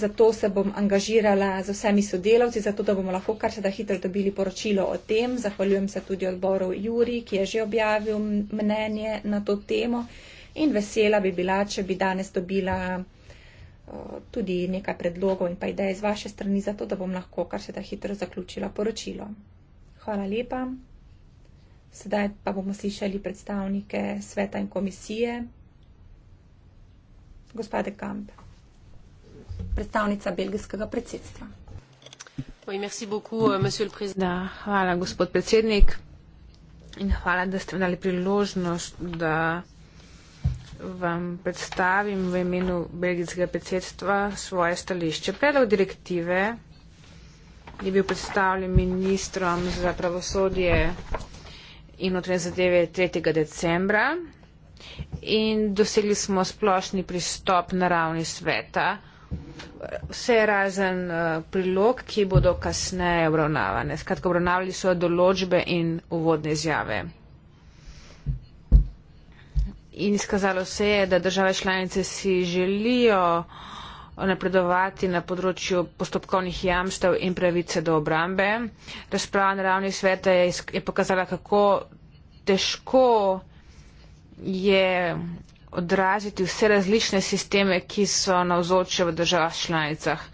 zato se bom angažirala z vsemi sodelavci, zato da bomo lahko kar se da hitro dobili poročilo o tem. Zahvaljujem se tudi odboru Juri, ki je že objavil mnenje na to temo in vesela bi bila, če bi danes dobila tudi nekaj predlogov in pa idej z vaše strani, zato da bom lahko kar se da hitro zaključila poročilo. Hvala lepa. Sedaj pa bomo slišali predstavnike sveta in komisije. Gospode Kamp, predstavnica belgijskega predsedstva. Oui, merci beaucoup, euh, da, hvala, gospod predsednik. In hvala, da ste mi dali priložnost, da vam predstavim v imenu belgijskega predsedstva svoje stališče. Predlog direktive je bil predstavljen ministrom za pravosodje in notranje zadeve 3. decembra in dosegli smo splošni pristop na ravni sveta. Vse je razen eh, prilog, ki bodo kasneje obravnavane. Skratka, obravnavali so določbe in uvodne izjave in izkazalo se je, da države članice si želijo napredovati na področju postopkovnih jamstev in pravice do obrambe. Razprava na ravni sveta je, je pokazala, kako težko je odraziti vse različne sisteme, ki so navzoče v državah članicah.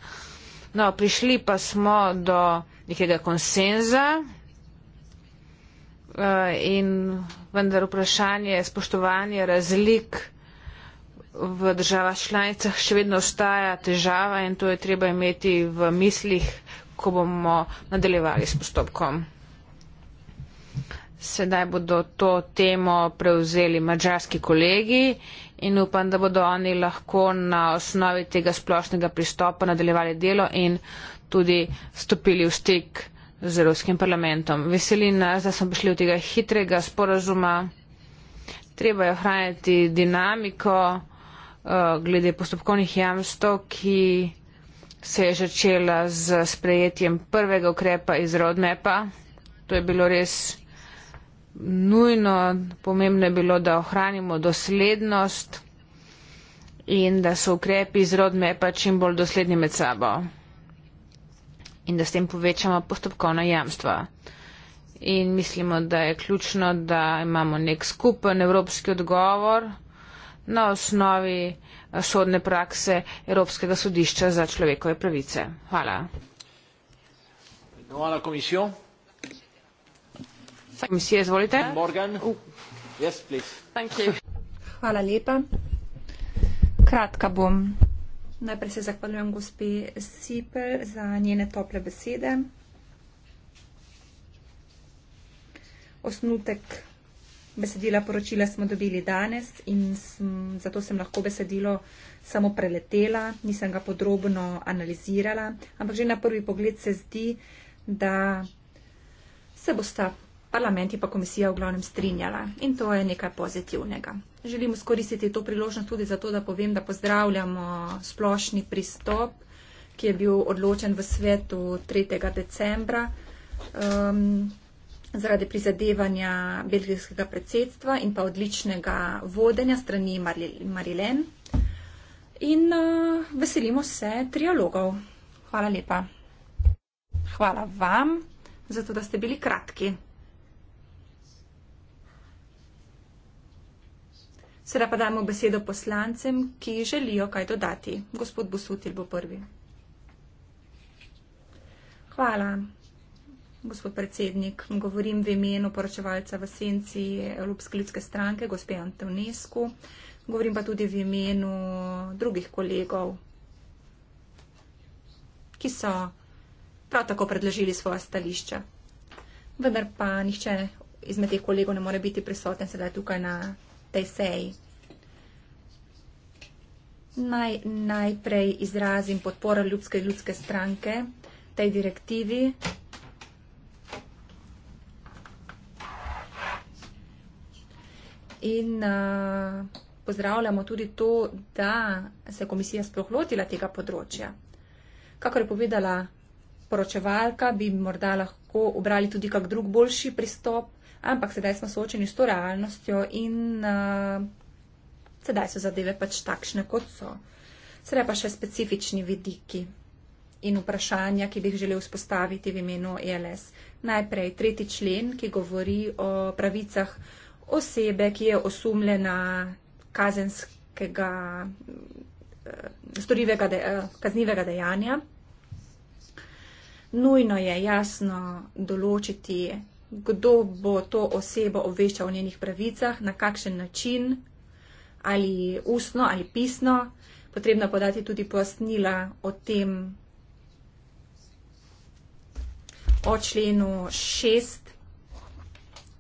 No, prišli pa smo do nekega konsenza. Eh, in vendar vprašanje spoštovanja razlik v državah članicah še vedno ostaja težava in to je treba imeti v mislih, ko bomo nadaljevali s postopkom. Sedaj bodo to temo prevzeli mađarski kolegi in upam, da bodo oni lahko na osnovi tega splošnega pristopa nadaljevali delo in tudi stopili v stik uh, z Evropskim parlamentom. Veseli nas, da smo prišli od tega hitrega sporazuma. Treba je ohranjati dinamiko eh, glede postopkovnih jamstv, ki se je začela z sprejetjem prvega ukrepa iz roadmapa. To je bilo res nujno, pomembno je bilo, da ohranimo doslednost in da so ukrepi iz roadmapa čim bolj dosledni med sabo in da s tem povečamo postopkovna jamstva. In mislimo, da je ključno, da imamo nek skupen evropski odgovor na osnovi eh, sodne prakse Evropskega sodišča za človekove pravice. Hvala. Komisija, izvolite. Yes, Hvala lepa. Kratka bom. Najprej se zahvaljujem gospe Sipel za njene tople besede. Osnutek besedila poročila smo dobili danes in sem, zato sem lahko besedilo samo preletela, nisem ga podrobno analizirala, ampak že na prvi pogled se zdi, da se bosta parlament in pa komisija v glavnem strinjala in to je nekaj pozitivnega. Želim skoristiti to priložnost tudi zato, da povem, da pozdravljamo splošni pristop, ki je bil odločen v svetu 3. decembra um, zaradi prizadevanja belgijskega predsedstva in pa odličnega vodenja strani Marilen. In uh, veselimo se trialogov. Hvala lepa. Hvala vam, zato da ste bili kratki. Sedaj pa dajmo besedo poslancem, ki želijo kaj dodati. Gospod Busutil bo prvi. Hvala, gospod predsednik. Govorim v imenu poročevalca v senci Evropske ljudske stranke, gospe Antonesku. Govorim pa tudi v imenu drugih kolegov, ki so prav tako predložili svoje stališča. Vendar pa nihče izmed teh kolegov ne more biti prisoten sedaj tukaj na they say. Naj, najprej izrazim podporo ljudske ljudske stranke tej direktivi. In uh, pozdravljamo tudi to, da se je komisija sprohlotila tega področja. Kakor je povedala poročevalka, bi morda lahko obrali tudi kak drug boljši pristop ampak sedaj smo soočeni s to realnostjo in uh, sedaj so zadeve pač takšne, kot so. Sedaj pa še specifični vidiki in vprašanja, ki bi jih želel spostaviti v imenu ELS. Najprej tretji člen, ki govori o pravicah osebe, ki je osumljena kazenskega eh, storivega de, eh, kaznivega dejanja. Nujno je jasno določiti kdo bo to osebo obveščal o njenih pravicah, na kakšen način, ali ustno ali pisno. Potrebno je podati tudi pojasnila o tem, o členu 6,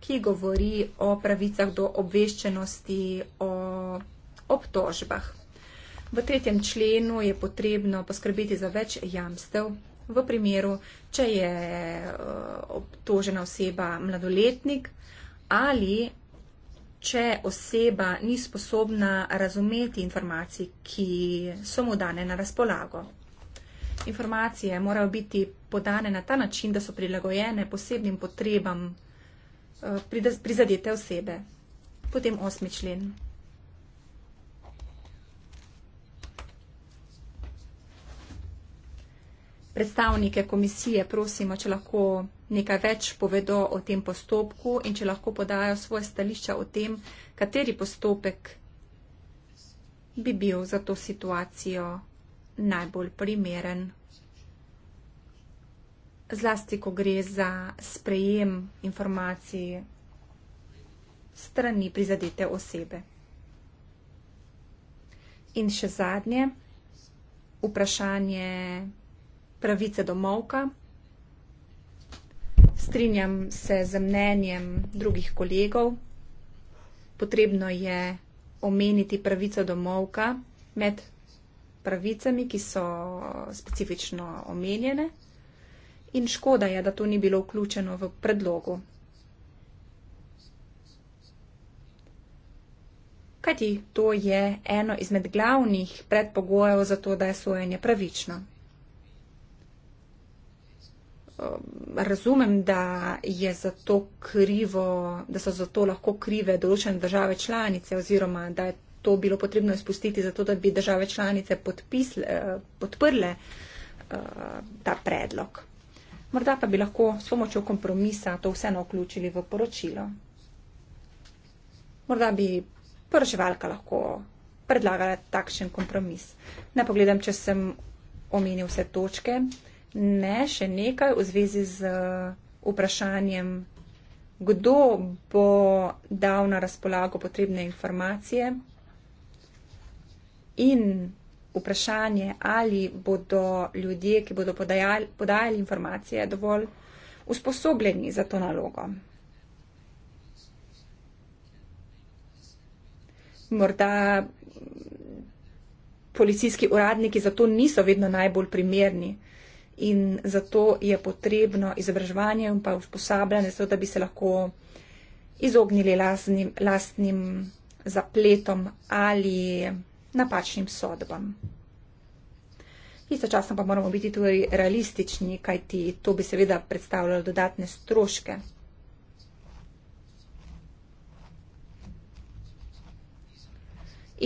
ki govori o pravicah do obveščenosti o obtožbah. V tretjem členu je potrebno poskrbeti za več jamstev v primeru, če je eh, obtožena oseba mladoletnik ali če oseba ni sposobna razumeti informacij, ki so mu dane na razpolago. Informacije morajo biti podane na ta način, da so prilagojene posebnim potrebam eh, prizadete osebe. Potem osmi člen. predstavnike komisije prosimo, če lahko nekaj več povedo o tem postopku in če lahko podajo svoje stališča o tem, kateri postopek bi bil za to situacijo najbolj primeren. Zlasti, ko gre za sprejem informacij strani prizadete osebe. In še zadnje vprašanje pravice do molka. Strinjam se z mnenjem drugih kolegov. Potrebno je omeniti pravico do molka med pravicami, ki so specifično omenjene. In škoda je, da to ni bilo vključeno v predlogu. Kajti to je eno izmed glavnih predpogojev za to, da je sojenje pravično. Ehm, razumem, da, za krivo, da so za to lahko krive določene države članice oziroma da je to bilo potrebno izpustiti, zato da bi države članice podpisle, eh, podprle eh, ta predlog. Morda pa bi lahko s pomočjo kompromisa to vseeno vključili v poročilo. Morda bi prvoževalka lahko predlagala takšen kompromis. Ne pogledam, če sem omenil vse točke. Ne, še nekaj v zvezi z uh, vprašanjem, kdo bo dal na razpolago potrebne informacije in vprašanje, ali bodo ljudje, ki bodo podajali, podajali informacije, dovolj usposobljeni za to nalogo. Morda policijski uradniki zato niso vedno najbolj primerni in zato je potrebno izobraževanje in pa usposabljanje, zato da bi se lahko izognili lastnim, lastnim zapletom ali napačnim sodbam. Istočasno pa moramo biti tudi realistični, kajti to bi seveda predstavljalo dodatne stroške.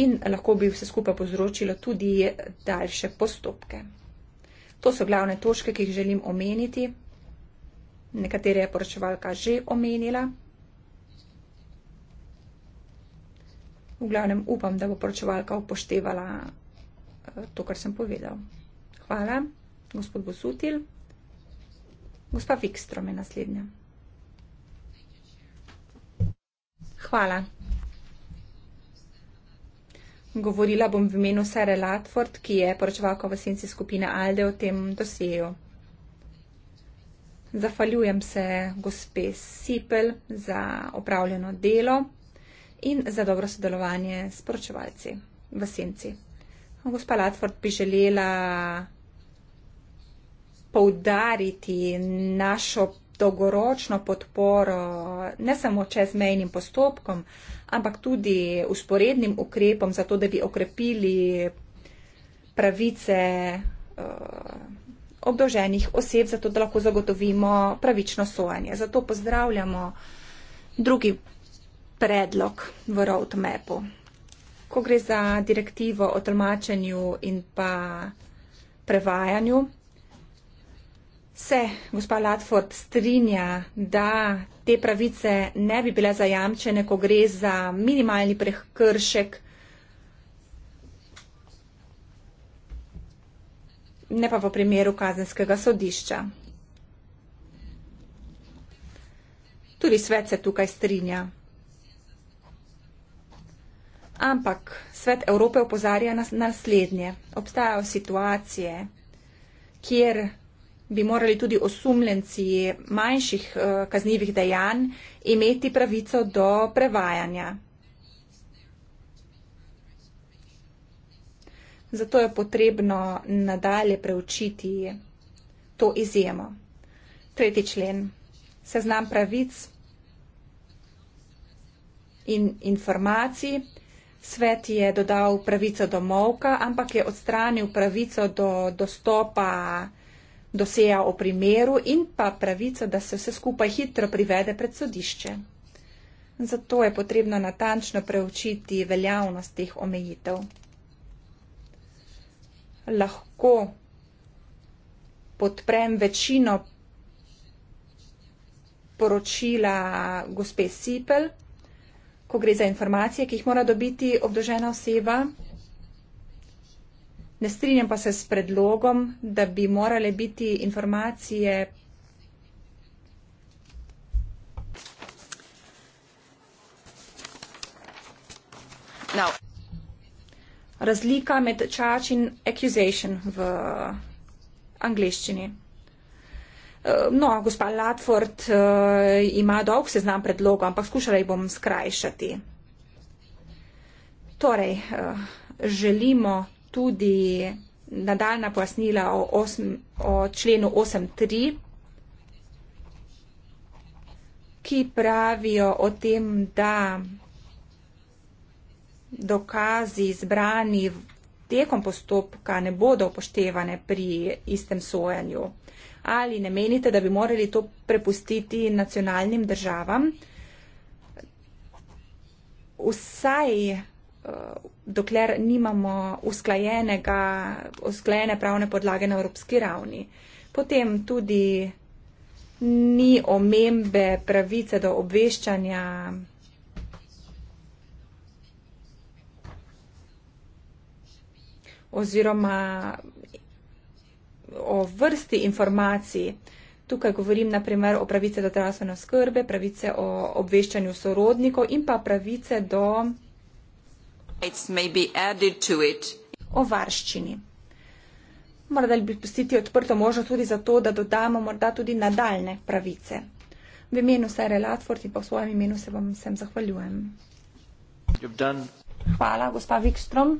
In lahko bi vse skupaj povzročilo tudi daljše postopke. To so glavne točke, ki jih želim omeniti. Nekatere je poročevalka že omenila. V glavnem upam, da bo poročevalka upoštevala eh, to, kar sem povedal. Hvala, gospod Bosutil. Gospa Vikstrom je naslednja. Hvala. Govorila bom v imenu Sere Latford, ki je poročevalka v senci skupine Alde o tem dosjeju. Zahvaljujem se gospe Sipel za opravljeno delo in za dobro sodelovanje s poročevalci v senci. Gospa Latford bi želela poudariti našo dolgoročno podporo ne samo čezmejnim postopkom, ampak tudi usporednim ukrepom za to, da bi okrepili pravice eh, obdoženih oseb, zato da lahko zagotovimo pravično sojanje. Zato pozdravljamo drugi predlog v roadmapu. Ko gre za direktivo o tlmačenju in pa prevajanju, se gospa Latford strinja, da te pravice ne bi bile zajamčene, ko gre za minimalni prekršek, ne pa v primeru kazenskega sodišča. Tudi svet se tukaj strinja. Ampak svet Evrope upozarja na naslednje. Obstajajo situacije, kjer bi morali tudi osumljenci manjših eh, kaznjivih dejanj imeti pravico do prevajanja. Zato je potrebno nadalje preučiti to izjemo. Tretji člen. Seznam pravic in informacij. Svet je dodal pravico do molka, ampak je odstranil pravico do dostopa do doseja o primeru in pa pravica, da se vse skupaj hitro privede pred sodišče. Zato je potrebno natančno preučiti veljavnost teh omejitev. Lahko podprem večino poročila gospe Sipel, ko gre za informacije, ki jih mora dobiti obdožena oseba. Ne strinjam pa se s predlogom, da bi morale biti informacije. No. Razlika med charge in accusation v angleščini. Eh, no, gospa Latford eh, ima dolg seznam predlogov, ampak skušala jih bom skrajšati. Torej, eh, želimo tudi nadaljna pojasnila o, osm, o členu 8.3, ki pravijo o tem, da dokazi zbrani tekom postopka ne bodo upoštevane pri istem sojanju. Ali ne menite, da bi morali to prepustiti nacionalnim državam? Vsaj Eh, dokler nimamo usklajenega, usklajene pravne podlage na evropski ravni. Potem tudi ni omembe pravice do obveščanja. oziroma o vrsti informacij. Tukaj govorim naprimer o pravice do zdravstvene skrbe, pravice o obveščanju sorodnikov in pa pravice do o varščini. Morda bi pustiti odprto možnost tudi za to, da dodamo morda tudi nadaljne pravice. V imenu Sere Latford in pa v svojem imenu se vam vsem zahvaljujem. Hvala, gospa Vikstrom.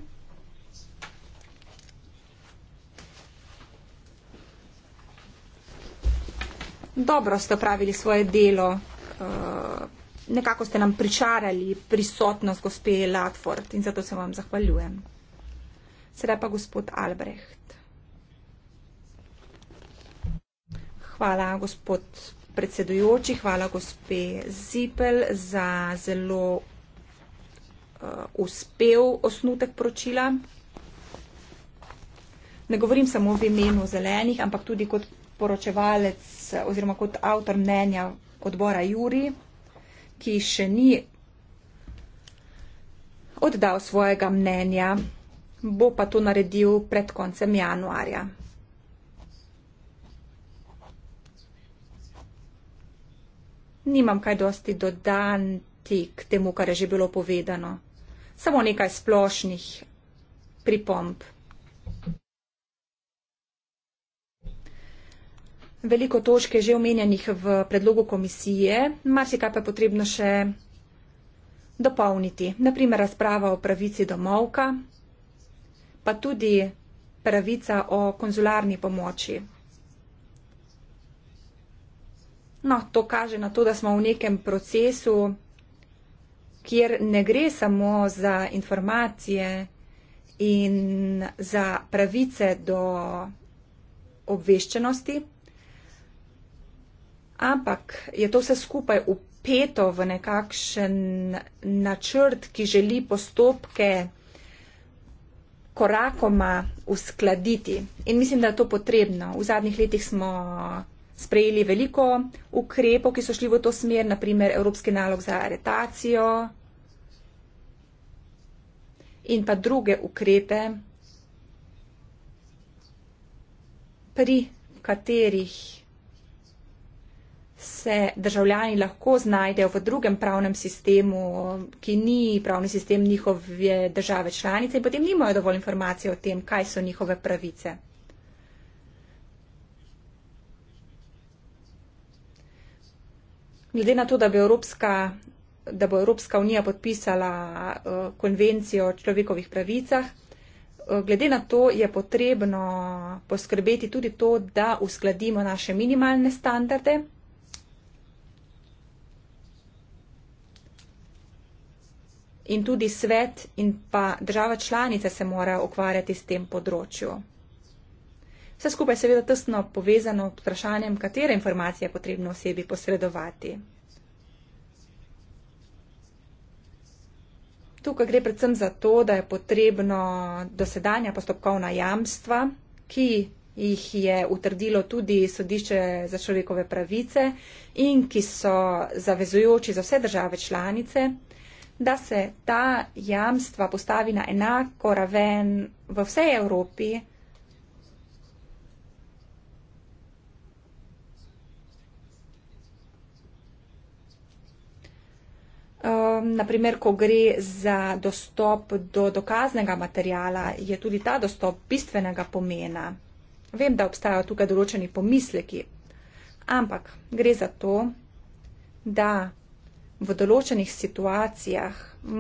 Dobro ste opravili svoje delo. Uh, nekako ste nam pričarali prisotnost gospe Latford in zato se vam zahvaljujem. Sedaj pa gospod Albrecht. Hvala, gospod predsedujoči, hvala gospe Zipel za zelo uh, uspel osnutek poročila. Ne govorim samo v imenu zelenih, ampak tudi kot poročevalec uh, oziroma kot avtor mnenja odbora Juri ki še ni oddal svojega mnenja, bo pa to naredil pred koncem januarja. Nimam kaj dosti dodati k temu, kar je že bilo povedano. Samo nekaj splošnih pripomb. Veliko točke že omenjenih v predlogu komisije, marsikaj pa je potrebno še dopolniti. Naprimer, razprava o pravici do molka, pa tudi pravica o konzularni pomoči. No, to kaže na to, da smo v nekem procesu, kjer ne gre samo za informacije in za pravice do obveščenosti, Ampak je to vse skupaj upeto v nekakšen načrt, ki želi postopke korakoma uskladiti. In mislim, da je to potrebno. V zadnjih letih smo sprejeli veliko ukrepov, ki so šli v to smer, naprimer Evropski nalog za aretacijo in pa druge ukrepe, pri katerih se državljani lahko znajdejo v drugem pravnem sistemu, ki ni pravni sistem njihove države članice in potem nimajo dovolj informacije o tem, kaj so njihove pravice. Glede na to, da, Evropska, da bo Evropska unija podpisala eh, konvencijo o človekovih pravicah, eh, glede na to je potrebno poskrbeti tudi to, da uskladimo naše minimalne standarde in tudi svet in pa država članica se mora ukvarjati s tem področju. Vse skupaj je seveda tesno povezano s vprašanjem, katere informacije je potrebno osebi posredovati. Tukaj gre predvsem za to, da je potrebno dosedanja postopkovna jamstva, ki jih je utrdilo tudi sodišče za človekove pravice in ki so zavezujoči za vse države članice, da se ta jamstva postavi na enako raven v vsej Evropi. Um, ehm, naprimer, ko gre za dostop do dokaznega materijala, je tudi ta dostop bistvenega pomena. Vem, da obstajajo tukaj določeni pomisleki, ampak gre za to, da v določenih situacijah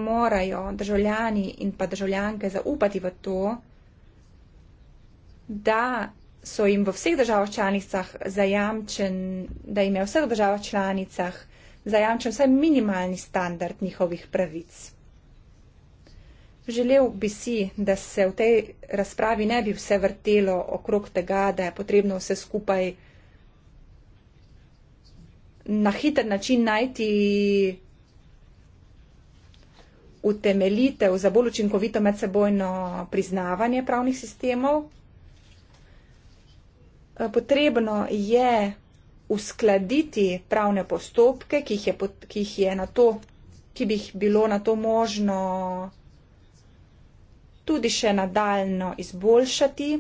morajo državljani in pa državljanke zaupati v to, da so jim v vseh državah članicah zajamčen, da jim je v vseh državah članicah zajamčen vsaj minimalni standard njihovih pravic. Želel bi si, da se v tej razpravi ne bi vse vrtelo okrog tega, da je potrebno vse skupaj na hiter način najti utemelitev za bolj učinkovito medsebojno priznavanje pravnih sistemov. Eh, potrebno je uskladiti pravne postopke, ki, jih je, ki, jih je na to, ki bi jih bilo na to možno tudi še nadaljno izboljšati.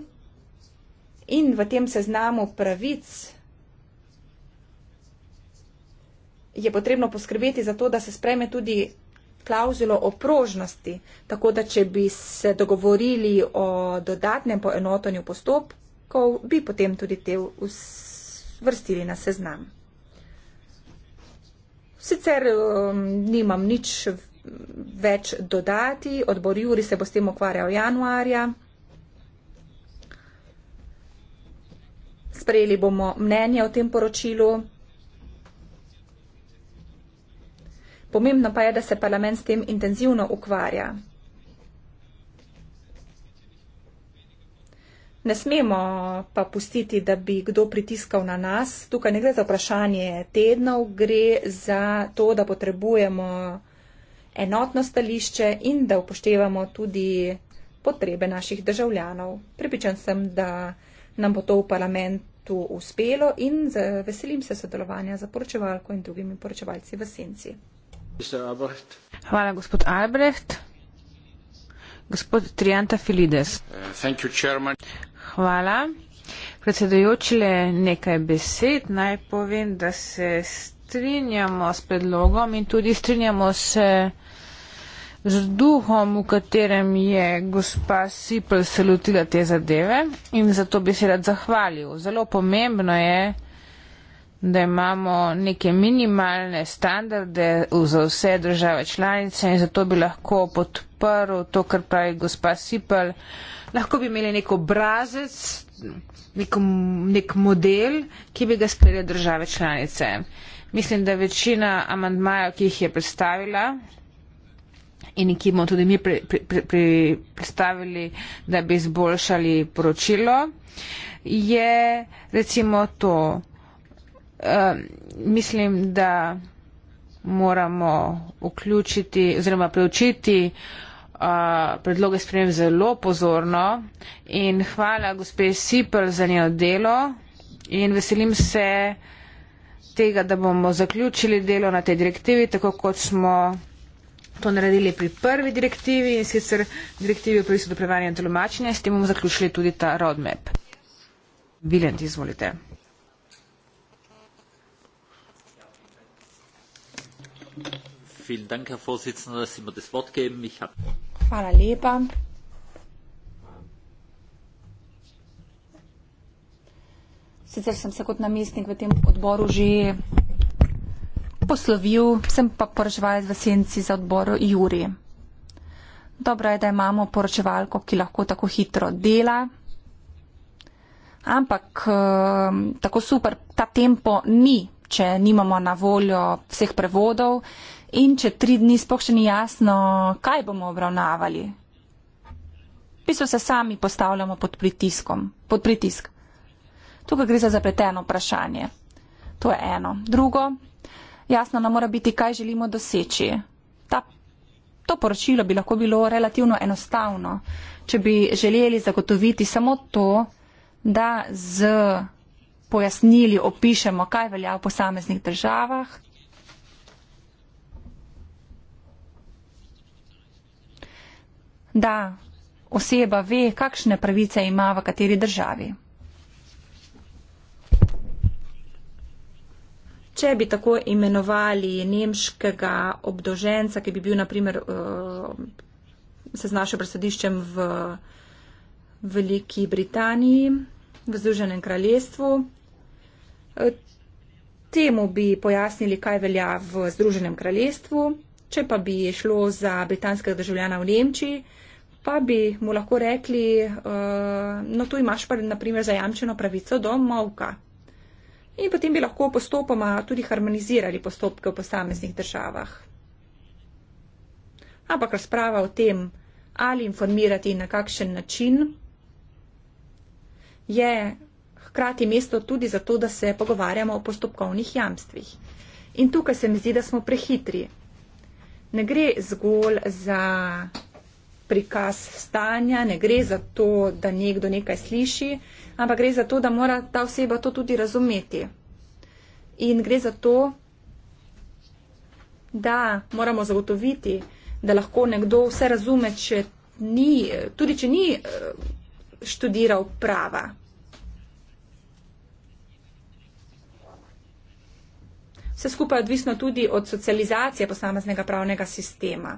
In v tem seznamu pravic je potrebno poskrbeti za to, da se spreme tudi klauzulo o prožnosti, tako da če bi se dogovorili o dodatnem poenotanju postopkov, bi potem tudi te vrstili na seznam. Sicer um, nimam nič več dodati, odbor Juri se bo s tem ukvarjal januarja. Sprejeli bomo mnenje o tem poročilu. Pomembno pa je, da se parlament s tem intenzivno ukvarja. Ne smemo pa pustiti, da bi kdo pritiskal na nas. Tukaj ne gre za vprašanje tednov, gre za to, da potrebujemo enotno stališče in da upoštevamo tudi potrebe naših državljanov. Pripričan sem, da nam bo to v parlamentu uspelo in veselim se sodelovanja za poročevalko in drugimi poročevalci v senci. Hvala, gospod Albrecht. Gospod Trianta Filides. Uh, Hvala. Predsedujoči, le nekaj besed. Naj povem, da se strinjamo s predlogom in tudi strinjamo se z duhom, v katerem je gospa Sipl se lotila te zadeve in zato bi se rad zahvalil. Zelo pomembno je, da imamo neke minimalne standarde za vse države članice in zato bi lahko podprl to, kar pravi gospa Sipel. Lahko bi imeli nek obrazec, nek, nek model, ki bi ga sprejeli države članice. Mislim, da večina amandmajev, ki jih je predstavila in ki bomo tudi mi pri, pri, pri, pri predstavili, da bi izboljšali poročilo, je recimo to mislim, da moramo vključiti oziroma preučiti uh, predloge sprejem zelo pozorno in hvala gospe Sipr za njeno delo in veselim se tega, da bomo zaključili delo na tej direktivi, tako kot smo to naredili pri prvi direktivi in sicer direktivi o pravici do prevajanja in tolmačenja, s tem bomo zaključili tudi ta roadmap. Vilent, izvolite. Hvala lepa. Sicer sem se kot namestnik v tem odboru že poslovil, sem pa poročevalec v senci za odbor Juri. Dobro je, da imamo poročevalko, ki lahko tako hitro dela, ampak eh, tako super ta tempo ni če nimamo na voljo vseh prevodov in če tri dni sploh še ni jasno, kaj bomo obravnavali. V bistvu se sami postavljamo pod pritiskom, pod pritisk. Tukaj gre za zapleteno vprašanje. To je eno. Drugo, jasno nam mora biti, kaj želimo doseči. Ta, to poročilo bi lahko bilo relativno enostavno, če bi želeli zagotoviti samo to, da z pojasnili, opišemo, kaj velja v posameznih državah. da oseba ve, kakšne pravice ima v kateri državi. Če bi tako imenovali nemškega obdoženca, ki bi bil, na primer, eh, se znašel pred sodiščem v Veliki Britaniji, v Združenem kraljestvu, Temu bi pojasnili, kaj velja v Združenem kraljestvu. Če pa bi šlo za britanskega državljana v Nemčiji, pa bi mu lahko rekli, eh, no tu imaš pa naprimer zajamčeno pravico do molka. In potem bi lahko postopoma tudi harmonizirali postopke v posameznih državah. Ampak razprava o tem, ali informirati in na kakšen način, je hkrati mesto tudi zato, da se pogovarjamo o postopkovnih jamstvih. In tukaj se mi zdi, da smo prehitri. Ne gre zgolj za prikaz stanja, ne gre za to, da nekdo nekaj sliši, ampak gre za to, da mora ta oseba to tudi razumeti. In gre za to, da moramo zagotoviti, da lahko nekdo vse razume, če ni, tudi če ni eh, študiral prava. vse skupaj odvisno tudi od socializacije posameznega pravnega sistema.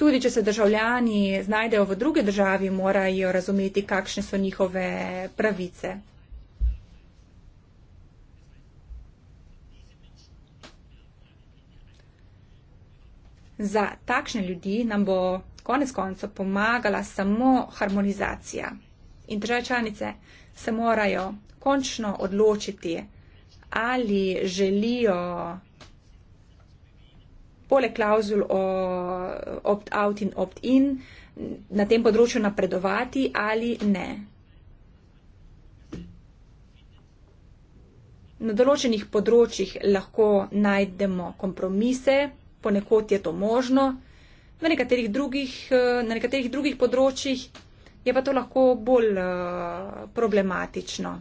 Tudi, če se državljani znajdejo v druge državi, morajo razumeti, kakšne so njihove pravice. Za takšne ljudi nam bo konec konca pomagala samo harmonizacija. In države članice se morajo končno odločiti, ali želijo poleg klauzul o opt-out in opt-in na tem področju napredovati ali ne. Na določenih področjih lahko najdemo kompromise, ponekod je to možno, na nekaterih drugih, eh, na nekaterih drugih področjih je pa to lahko bolj eh, problematično.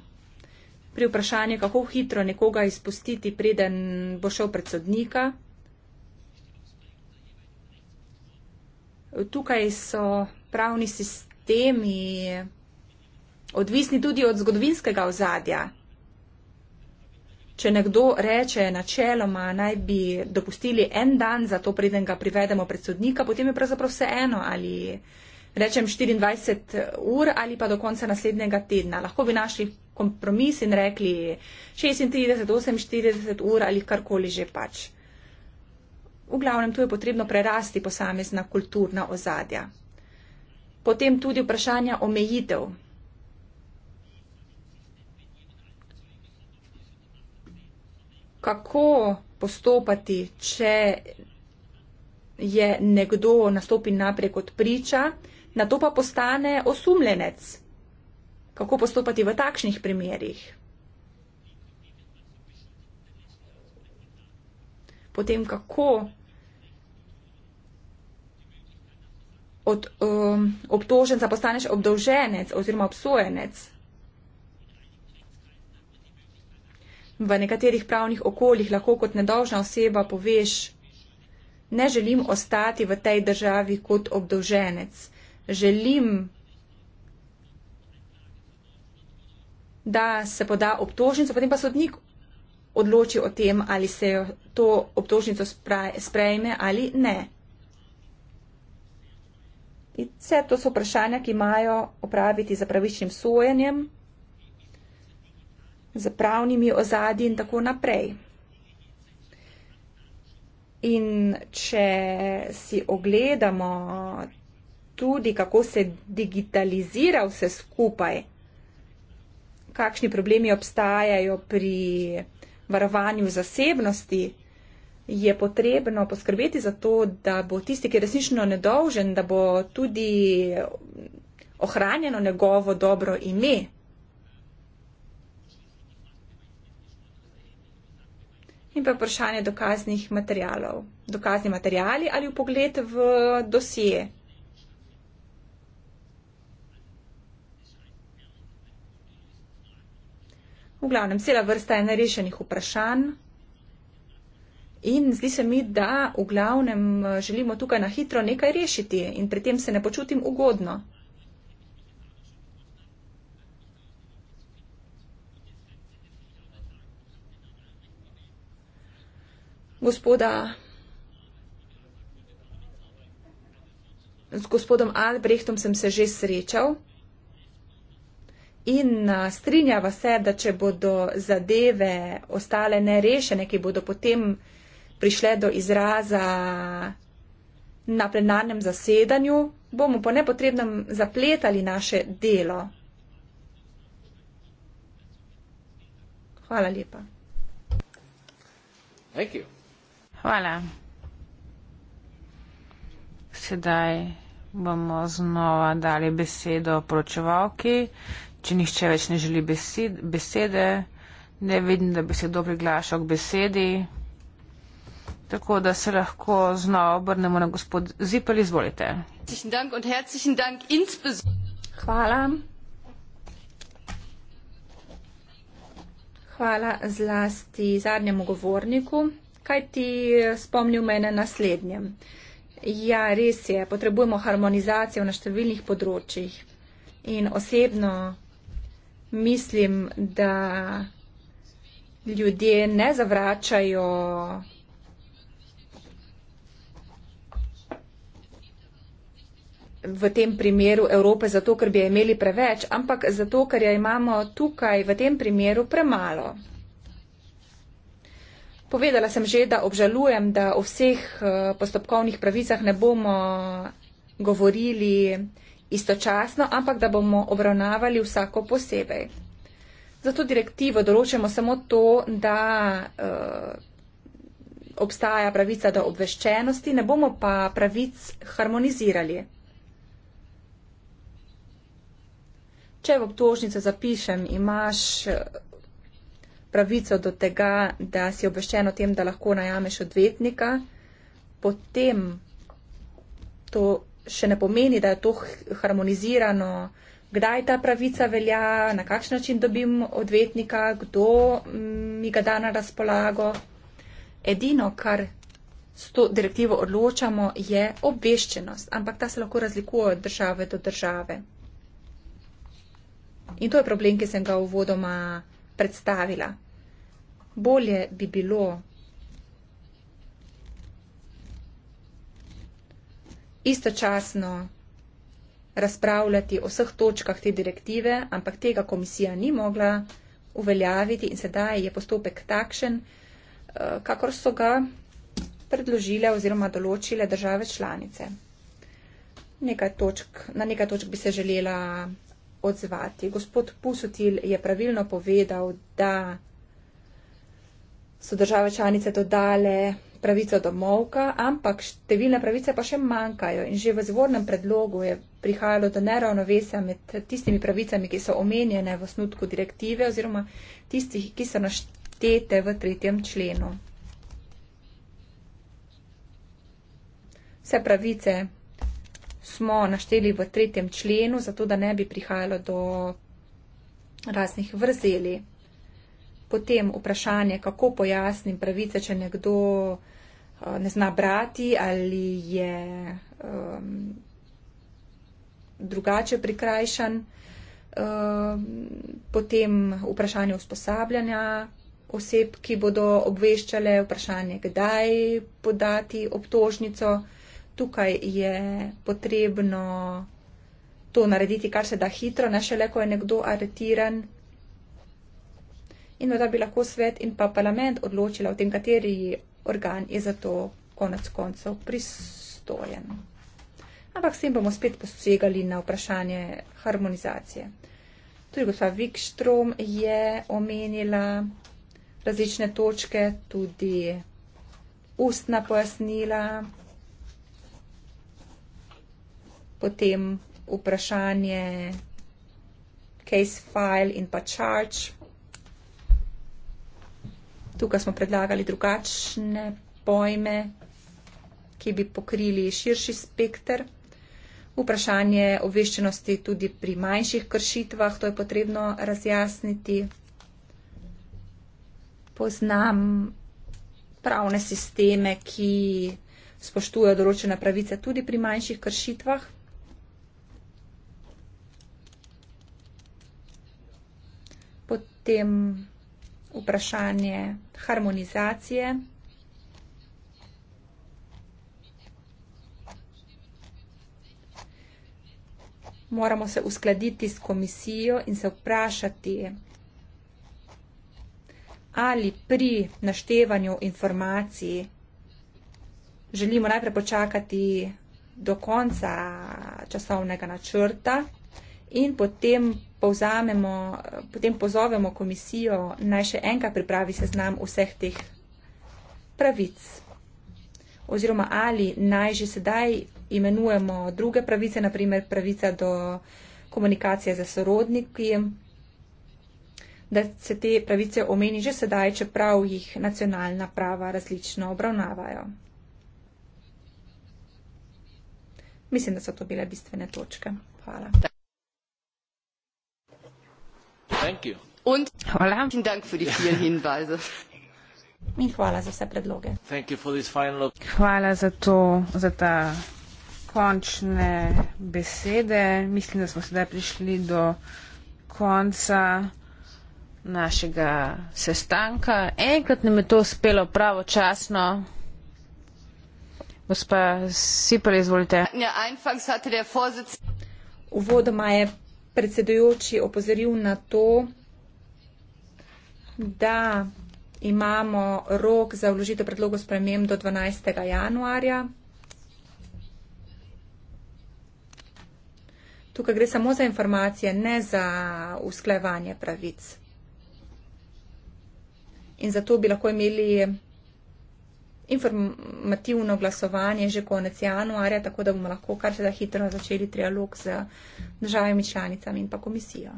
Pri vprašanju, kako hitro nekoga izpustiti, preden bo šel pred sodnika. Tukaj so pravni sistemi odvisni tudi od zgodovinskega ozadja. Če nekdo reče načeloma, naj bi dopustili en dan za to, preden ga privedemo pred sodnika, potem je pravzaprav vse eno ali rečem 24 eh, ur ali pa do konca naslednjega tedna. Lahko bi našli kompromis in rekli 36, 48 ur ali karkoli že pač. V glavnem tu je potrebno prerasti posamezna kulturna ozadja. Potem tudi vprašanja omejitev. Kako postopati, če je nekdo nastopi naprej kot priča? na to pa postane osumljenec. Kako postopati v takšnih primerih? Potem, kako od um, obtoženca postaneš obdolženec oziroma obsojenec? V nekaterih pravnih okoljih lahko kot nedolžna oseba poveš, ne želim ostati v tej državi kot obdolženec želim, da se poda obtožnica, potem pa sodnik odloči o tem, ali se to obtožnico sprejme ali ne. In vse to so vprašanja, ki imajo opraviti za pravičnim sojenjem, za pravnimi ozadji in tako naprej. In če si ogledamo tudi, kako se digitalizira vse skupaj, kakšni problemi obstajajo pri varovanju zasebnosti, je potrebno poskrbeti za to, da bo tisti, ki je resnično nedolžen, da bo tudi ohranjeno njegovo dobro ime. In pa vprašanje dokaznih materialov, dokazni materijali ali v pogled v dosije. V glavnem, cela vrsta je nerešenih vprašanj. In zdi se mi, da v glavnem eh, želimo tukaj na hitro nekaj rešiti in pri tem se ne počutim ugodno. Gospoda, z gospodom Albrehtom sem se že srečal. In strinjava se, da če bodo zadeve ostale nerešene, ki bodo potem prišle do izraza na plenarnem zasedanju, bomo po nepotrebnem zapletali naše delo. Hvala lepa. Hvala. Sedaj bomo znova dali besedo poročevalki. Če nihče več ne želi besede, ne vidim, da bi se dobro glašal k besedi. Tako da se lahko znova obrnemo na gospod Zipel, izvolite. Hvala. Hvala zlasti zadnjemu govorniku, kaj ti spomnil mene naslednjem. Ja, res je, potrebujemo harmonizacijo na številnih področjih. In osebno mislim, da ljudje ne zavračajo v tem primeru Evrope zato, ker bi jo imeli preveč, ampak zato, ker jo imamo tukaj v tem primeru premalo. Povedala sem že, da obžalujem, da o vseh eh, postopkovnih pravicah ne bomo govorili istočasno, ampak da bomo obravnavali vsako posebej. Zato direktivo določamo samo to, da uh, obstaja pravica do obveščenosti, ne bomo pa pravic harmonizirali. Če v obtožnico zapišem, imaš eh, pravico do tega, da si obveščen o tem, da lahko najameš odvetnika, potem to še ne pomeni, da je to harmonizirano, kdaj ta pravica velja, na kakšen način dobim odvetnika, kdo mm, mi ga da na razpolago. Edino, kar s to direktivo odločamo, je obveščenost, ampak ta se lahko razlikuje od države do države. In to je problem, ki sem ga v vodoma predstavila. Bolje bi bilo, istočasno razpravljati o vseh točkah te direktive, ampak tega komisija ni mogla uveljaviti in sedaj je postopek takšen, eh, kakor so ga predložile oziroma določile države članice. Nekaj točk, na nekaj točk bi se želela odzvati. Gospod Pusutil je pravilno povedal, da so države članice dodale pravico do molka, ampak številne pravice pa še manjkajo in že v zvornem predlogu je prihajalo do neravnovesja med tistimi pravicami, ki so omenjene v osnutku direktive oziroma tistih, ki so naštete v tretjem členu. Vse pravice smo našteli v tretjem členu, zato da ne bi prihajalo do raznih vrzeli. Potem vprašanje, kako pojasnim pravice, če nekdo Eh, ne zna brati ali je um, drugače prikrajšan, um, potem vprašanje usposabljanja oseb, ki bodo obveščale, vprašanje, kdaj podati obtožnico. Tukaj je potrebno to narediti, kar se da hitro, ne šele, ko je nekdo aretiran. In da bi lahko svet in pa parlament odločila o tem, kateri organ je za to konec koncev pristojen. Ampak s tem bomo spet posegali na vprašanje harmonizacije. Tudi gospa Vikštrom je omenila različne točke, tudi ustna pojasnila, potem vprašanje case file in pa charge. Tukaj smo predlagali drugačne pojme, ki bi pokrili širši spekter. Vprašanje obveščenosti tudi pri manjših kršitvah, to je potrebno razjasniti. Poznam pravne sisteme, ki spoštujejo določene pravice tudi pri manjših kršitvah. Potem vprašanje harmonizacije. Moramo se uskladiti s komisijo in se vprašati, ali pri naštevanju informacij želimo najprej počakati do konca časovnega načrta in potem povzamemo, potem pozovemo komisijo, naj še enkrat pripravi seznam vseh teh pravic. Oziroma ali naj že sedaj imenujemo druge pravice, naprimer pravica do komunikacije za sorodniki, da se te pravice omeni že sedaj, čeprav jih nacionalna prava različno obravnavajo. Mislim, da so to bile bistvene točke. Hvala. Hvala. Dank für die hvala za vse predloge. Final... Hvala za, to, za ta končne besede. Mislim, da smo sedaj prišli do konca našega sestanka. Enkrat nam je to uspelo pravočasno. Gospa Sipar, izvolite. Ja, Uvodoma je predsedujoči opozoril na to, da imamo rok za vložitev predlogo sprememb do 12. januarja. Tukaj gre samo za informacije, ne za usklajevanje pravic. In zato bi lahko imeli informativno glasovanje že konec januarja, tako da bomo lahko kar se da hitro začeli trialog z državami članicami in pa komisijo.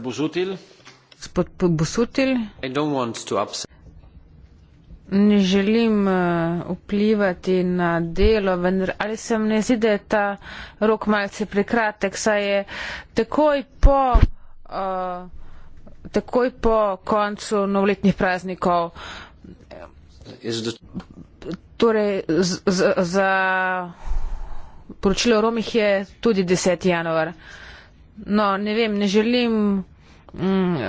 Gospod Bosutil, ne želim eh, vplivati na delo, vendar ali se mi ne zdi, da je ta rok malce prekratek, saj je takoj po. Uh, takoj po koncu novoletnih praznikov. Torej, z, z, za poročilo Romih je tudi 10. januar. No, ne vem, ne želim mm, eh,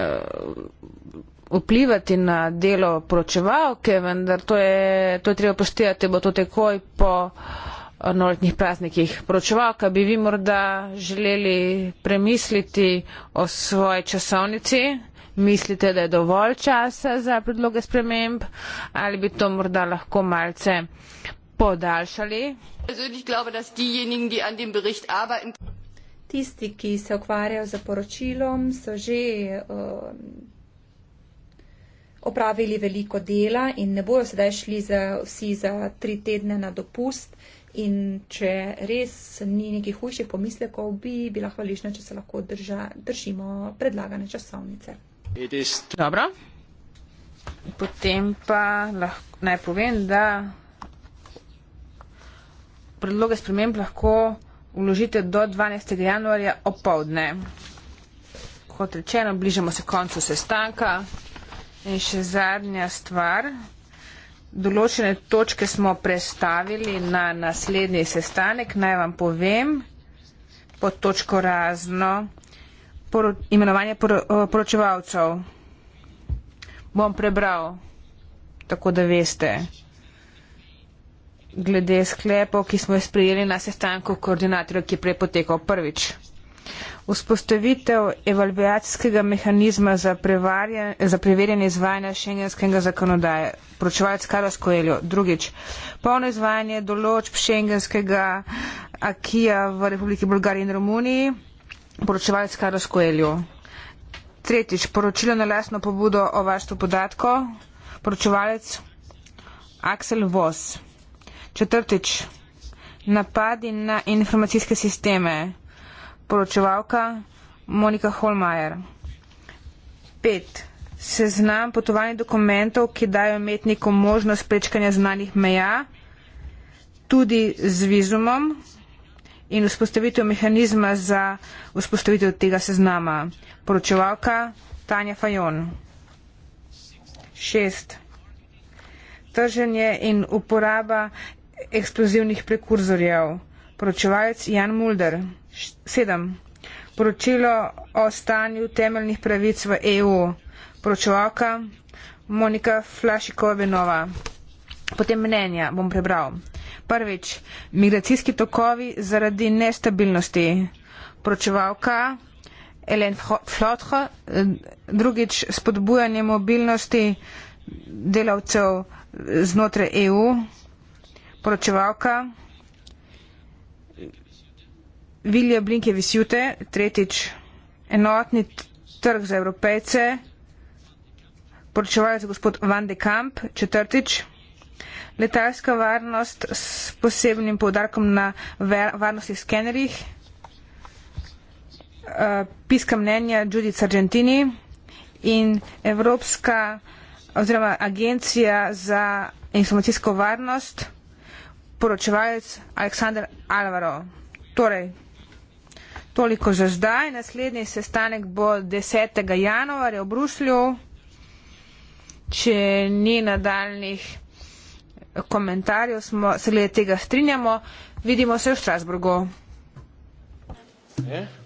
vplivati na delo poročevalke, vendar to je, to je treba poštevati, bo to takoj po. Uh, novoletnih praznikih. Poročevalka, bi vi morda želeli premisliti o svoji časovnici? Mislite, da je dovolj časa za predloge sprememb ali bi to morda lahko malce podaljšali? Tisti, ki se ukvarjajo z poročilom, so že um, opravili veliko dela in ne bojo sedaj šli za, vsi za tri tedne na dopust. Uh, In če res ni nekih hujših pomislekov, bi bila hvaležna, če se lahko drža, držimo predlagane časovnice. Dobro. Potem pa lahko naj povem, da predloge sprememb lahko uložite do 12. januarja opovdne. Kot rečeno, bližamo se koncu sestanka. In še zadnja stvar, določene točke smo prestavili na naslednji sestanek. Naj vam povem pod točko razno poro, imenovanje poro, poročevalcev. Bom prebral, tako da veste, glede sklepov, ki smo jih sprejeli na sestanku koordinatorja, ki je prej potekal prvič. Vzpostavitev evalvacijskega mehanizma za, za preverjanje izvajanja šengenskega zakonodaje. Pročevalec Karas Koeljo. Drugič, polno izvajanje določb šengenskega akija v Republiki Bolgariji in Romuniji. Poročevalec Karas Koeljo. Tretjič, poročilo na lasno pobudo o varstvu podatkov. Poročevalec Aksel Vos. Četrtič, napadi na informacijske sisteme poročevalka Monika Holmajer. Pet. Seznam potovanih dokumentov, ki dajo umetniku možnost prečkanja znanih meja, tudi z vizumom in vzpostavitev mehanizma za vzpostavitev tega seznama. Poročevalka Tanja Fajon. Šest. Trženje in uporaba eksplozivnih prekurzorjev. Poročevalec Jan Mulder. 7. Poročilo o stanju temeljnih pravic v EU. Poročevalka Monika Flašikovenova. Potem mnenja bom prebral. Prvič, migracijski tokovi zaradi nestabilnosti. Poročevalka Elen Flotho. Eh, drugič, spodbujanje mobilnosti delavcev znotraj EU. Poročevalka. Vilje Blinkevisjute, tretjič enotni trg za evropejce, poročevalec gospod Van de Kamp, četrtič letalska varnost s posebnim povdarkom na varnosti skenerjih, eh, piska mnenja Judith Argentini in Evropska oziroma Agencija za informacijsko varnost, poročevalec Aleksandr Alvaro. Torej, Toliko že zdaj. Naslednji sestanek bo 10. januarja v Bruslju. Če ni nadaljnih komentarjev, smo, se glede tega strinjamo. Vidimo se v Strasburgu. Yeah. Ja.